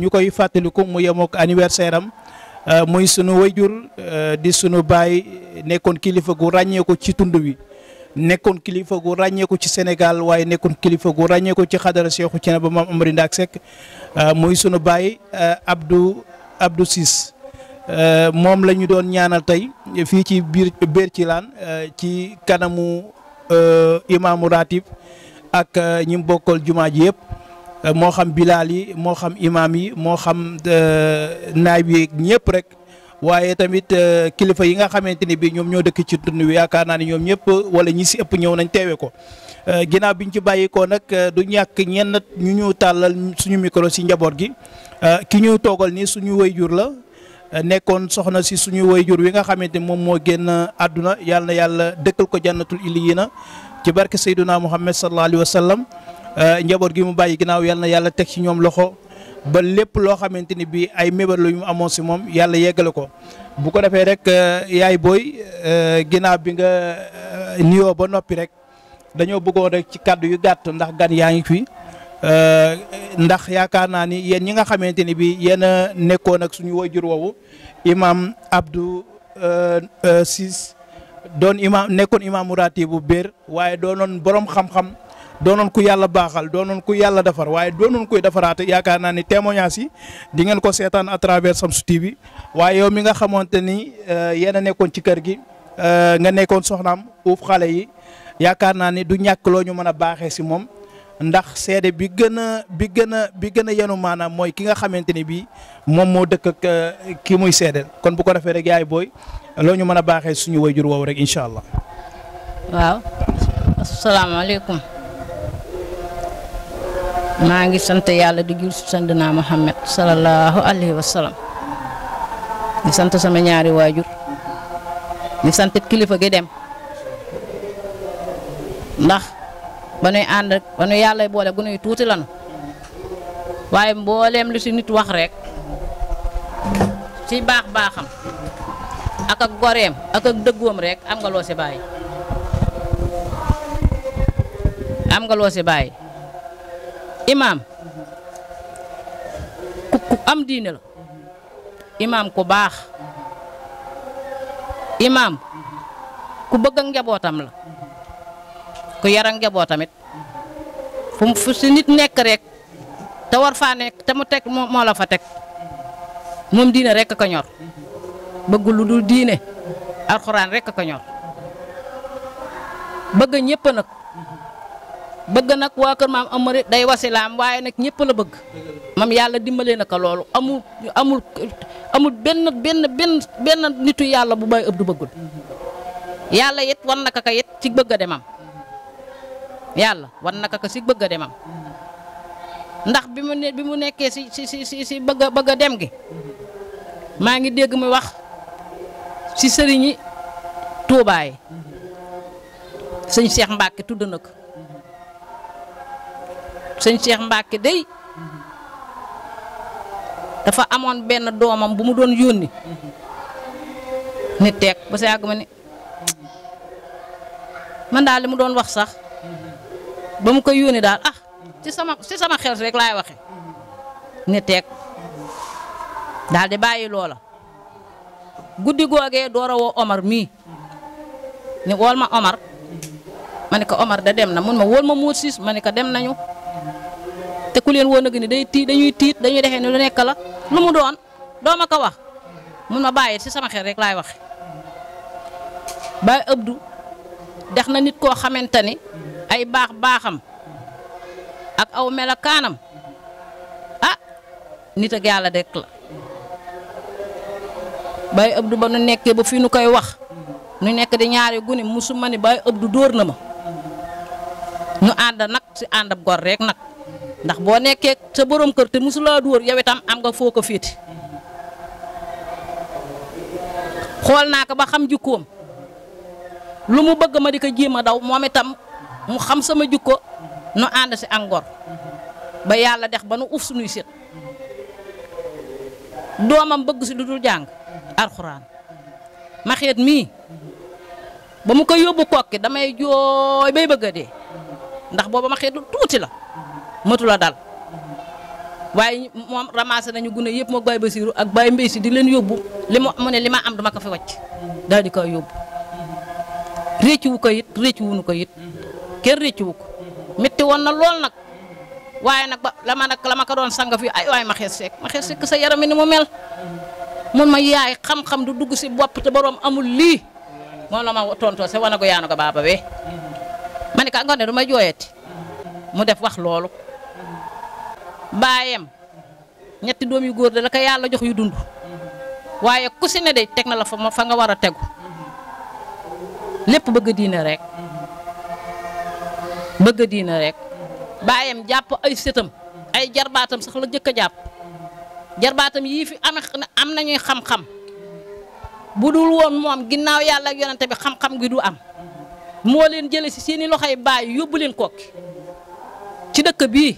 ñu koy fàttaliku mu yemook anniversaire am Euh, muy sunu wayjur euh, di sunu baay nekkoon kilifa gu ràññeeku ci tund wi nekkoon kilifa gu ràññeeku ci Sénégal waaye nekkoon kilifa gu ràññeeku ci xadara Seexu Thiénaba Maam Amary Ndaak Seck euh, muy sunu baay abdu Abdou Ciss moom lañu doon ñaanal tey fii ci biir biir ci laan ci kanamu imaamu ratib ak ñi mu bokkal jumaa ji yëpp. Euh, moo xam bilaal yi moo xam imaam yi moo xam euh, naay yi ñëpp rek waaye tamit euh, kilifa yi nga xamante ni bi ñoom ñoo dëkk ci tund wi yaakaar naa ne ñoom ñëpp wala ñi si ëpp ñëw nañ teewe ko bi ñu ci bàyyikoo nag du ñàkk ñenn ñu ñu tàllal suñu micro si njaboot gi ki ñu toogal ni suñu wayjur la nekkoon soxna si suñu wayjur wi nga xamante ni moom moo génn àdduna yàlla na yàlla dëkkal ko jannatul iliyina ci barke sayduna muhammad sallallahu alayhi wa sallam Euh, njaboot gi mu bàyyi ginaaw yal na yàlla teg ci ñoom loxo ba lépp loo xamante ni bii ay mébét la ñu amoon si moom yàlla yeggale ko. bu ko defee rek euh, yaay booy euh, ginaaw bi nga nuyoo ba noppi rek dañoo bëggoon rek ci kàddu yu gàtt ndax gan yaa ngi fi. ndax yaakaar naa ni yéen ñi nga xamante ni bii yéen a nekkoon ak suñu wajur woowu imaam Abdou Ciss doon imaam nekkoon imaamu raati bu béer waaye doonoon borom xam-xam. donon ku yalla baxal donon ku yalla defar waye donon kuy defaraate yakarna ni témoignage yi di ngeen ko sétane à travers Shamsu TV waye yow mi nga xamanteni euh, yena nekkon ci kër gi euh, nga nekkon soxnam ouf xalé yi yakarna ni du ñak loo ñu mën a baaxee si ndax seede bi gëna bi gëna bi gëna yenu manam moy ki nga xamanteni bi mom mo dëkk ak euh, ki muy seedeel kon bu ko rafé rek yaay boy loo ñu mën a suñu wayjur woowu rek inshallah allah. assalamu alaykum maa ngi sant yàlla di jur si sandina Muhammad sallallahu alayhi wa sallam sant sama ñaari waajur di sant kilifa gi dem ndax ba nuy ànd rek ba nuy yàlla boole gu nuy tuuti lanu waaye mbooleem lu si nit wax rek ci baax baaxam ak ak goreem ak ak dëggoom rek am nga loo si bàyyi am nga loo si bàyyi imaam ku am diine la imaam ku baax imaam ku bëgg njabootam la ku yara ak njabootamit fu fu si nit nekk rek te war faa nekk te mu teg moo la fa teg moom diine rek ka ñor bëgg lu dul diine alxuraan rek ka ñor bëgg ñëpp nag. bëgg nak wa kër maam amari day wasilaam waye nak ñepp la bëgg mam yalla dimbalé nak loolu amul amul amul ben ben ben ben nitu yalla bu bay ëpp du bëggul yalla yit wan nak ka yit ci bëgg dé demam yalla wan nak ka ci bëgg dé demam ndax bimu ne bimu nekké ci si si si si bëgg bëgg dem gi ma ngi dégg mu wax si sëriñi Tuubaa yi sëñ Cheikh mbacké tuddu sëñ Cheikh Mbacke day dafa amoon benn doomam bu mu doon yónni ni teeg ba sa yàgg ma ni man daal li mu doon wax sax ba mu koy yónni daal ah ci sama ci sama xel rek laay waxe ni teeg daal di bàyyi loola guddi googee door woo Omar mii ni wool ma Omar ma ne Omar da dem na mun ma wool ma Mouss ma ne dem nañu. te ku leen woon a ni day tiit dañuy tiit dañuy defee ni lu nekk la lu mu doon doo ma ko wax mun ma bàyyi ci sama xel rek lay wax Baye Abdou dex na nit koo xamante ni ay baax baaxam ak aw melokaanam ah nit ak yàlla rek la Baye Abdou ba nu nekkee ba fii nu koy wax nu nekk di ñaari gune musuma ni Baye Abdou dóor na ma ñu ànd nag ci àndab gor rek nag ndax boo nekkee sa borom kër te mosulaa dóor yow itam am nga foo ko féete xool naa ko ba xam jukkoom lu mu bëgg ma di ko jéem a daw moom itam mu xam sama jukko nu ànd si ak ba yàlla dex ba nu uf suñuy set doomam bëgg si lu dul jàng alxuraan maxeet mii ba mu ko yóbbu kokki damay jooy bay bëgg dee ndax booba maxeet lu tuuti la mëtu dal waaye moom ramassé nañu gune yëpp moo Baye Basirou ak Baye Mbay si di leen yóbbu li ma mu ne li ma am dama ko fi wàcc daal di koy yóbbu réccu wu ko it réccu wuñu ko it kenn réccu wu ko métti woon na lool nag waaye nag ba la ma nag la ma ko doon sang fi ay waay ma xees ma xees seek sa yaram ni mu mel mun ma yaay xam-xam du dugg si bopp te borom amul lii moom la ma tontoo se wana ko yaanu ko baaba wee ma ne ka nga ne du may jooyati mu def wax loolu. bayam ñetti doom yu da la ko yàlla jox yu dund waye ku ci ne de tek na la fa fa nga wara teggu tegu bëgg diina rek bëgg diina rek bayam japp ay sëtam ay jarbatam sax la jëk japp jarbatam yi fi am am nañuy xam-xam bu dul woon moom ginnaaw yàlla ak yonante bi xam-xam gi du am mo leen jël ci seeni loxay bay yóbbu leen kokki ci dëkk bi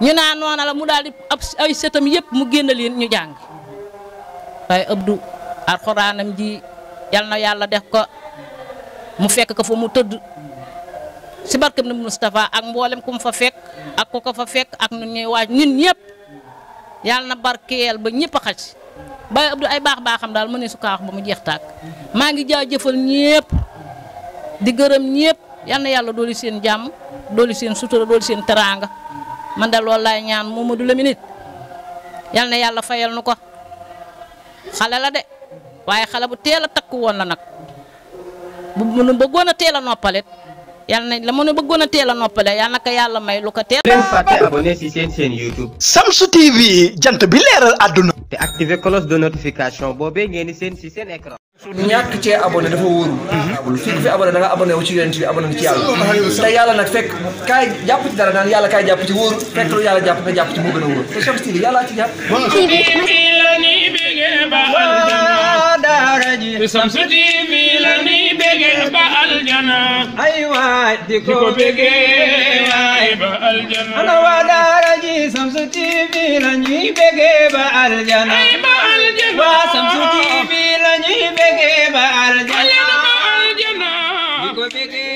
ñu naa noona la mu daal di ay sëtam yëpp mu génn leen ñu jàng waaye Abdou alxuraanam ji yal na yàlla def ko mu fekk ko fa mu tëdd si barkam na Moustapha ak mboolem ku mu fa fekk ak ku ko fa fekk ak nu ñuy waaj ñun ñëpp yàlla na barkeel ba ñépp a xaj Baye Abdou ay baax baaxam daal mu ne su kaa ba mu jeex tàkk maa ngi jaajëfal ñëpp di gërëm ñëpp yal na yàlla dooli seen jàmm doolu seen sutura doolu seen teraanga. man da loolu laay ñaan Mamadou Lamine it yal na yàlla fayal nu ko xale la de waaye xale bu teel a takku woon la nag bu nu bëggoon a teel a noppalit yàlla nañ la mën a bëggoon a teel a noppale yàlla naka yàlla may lu ko teel. leen fàtte seen seen YouTube. Shamsu TV jant bi leeral àdduna. te activé cloche de notification boobee ngeen di seen ci seen écran. su ñàkk cee abonné dafa wóorul. Hmm. fii ku fi abonné da nga abonné wu ci yonent bi abonné ci yàlla. te yàlla nag fekk kaay jàpp ci dara a ni bëgg ba aljana di ko bëggee waay ba aljana ana waa daara ji Shamsu TV la ñuy bëggee ba aljana waa Shamsu ba aljana di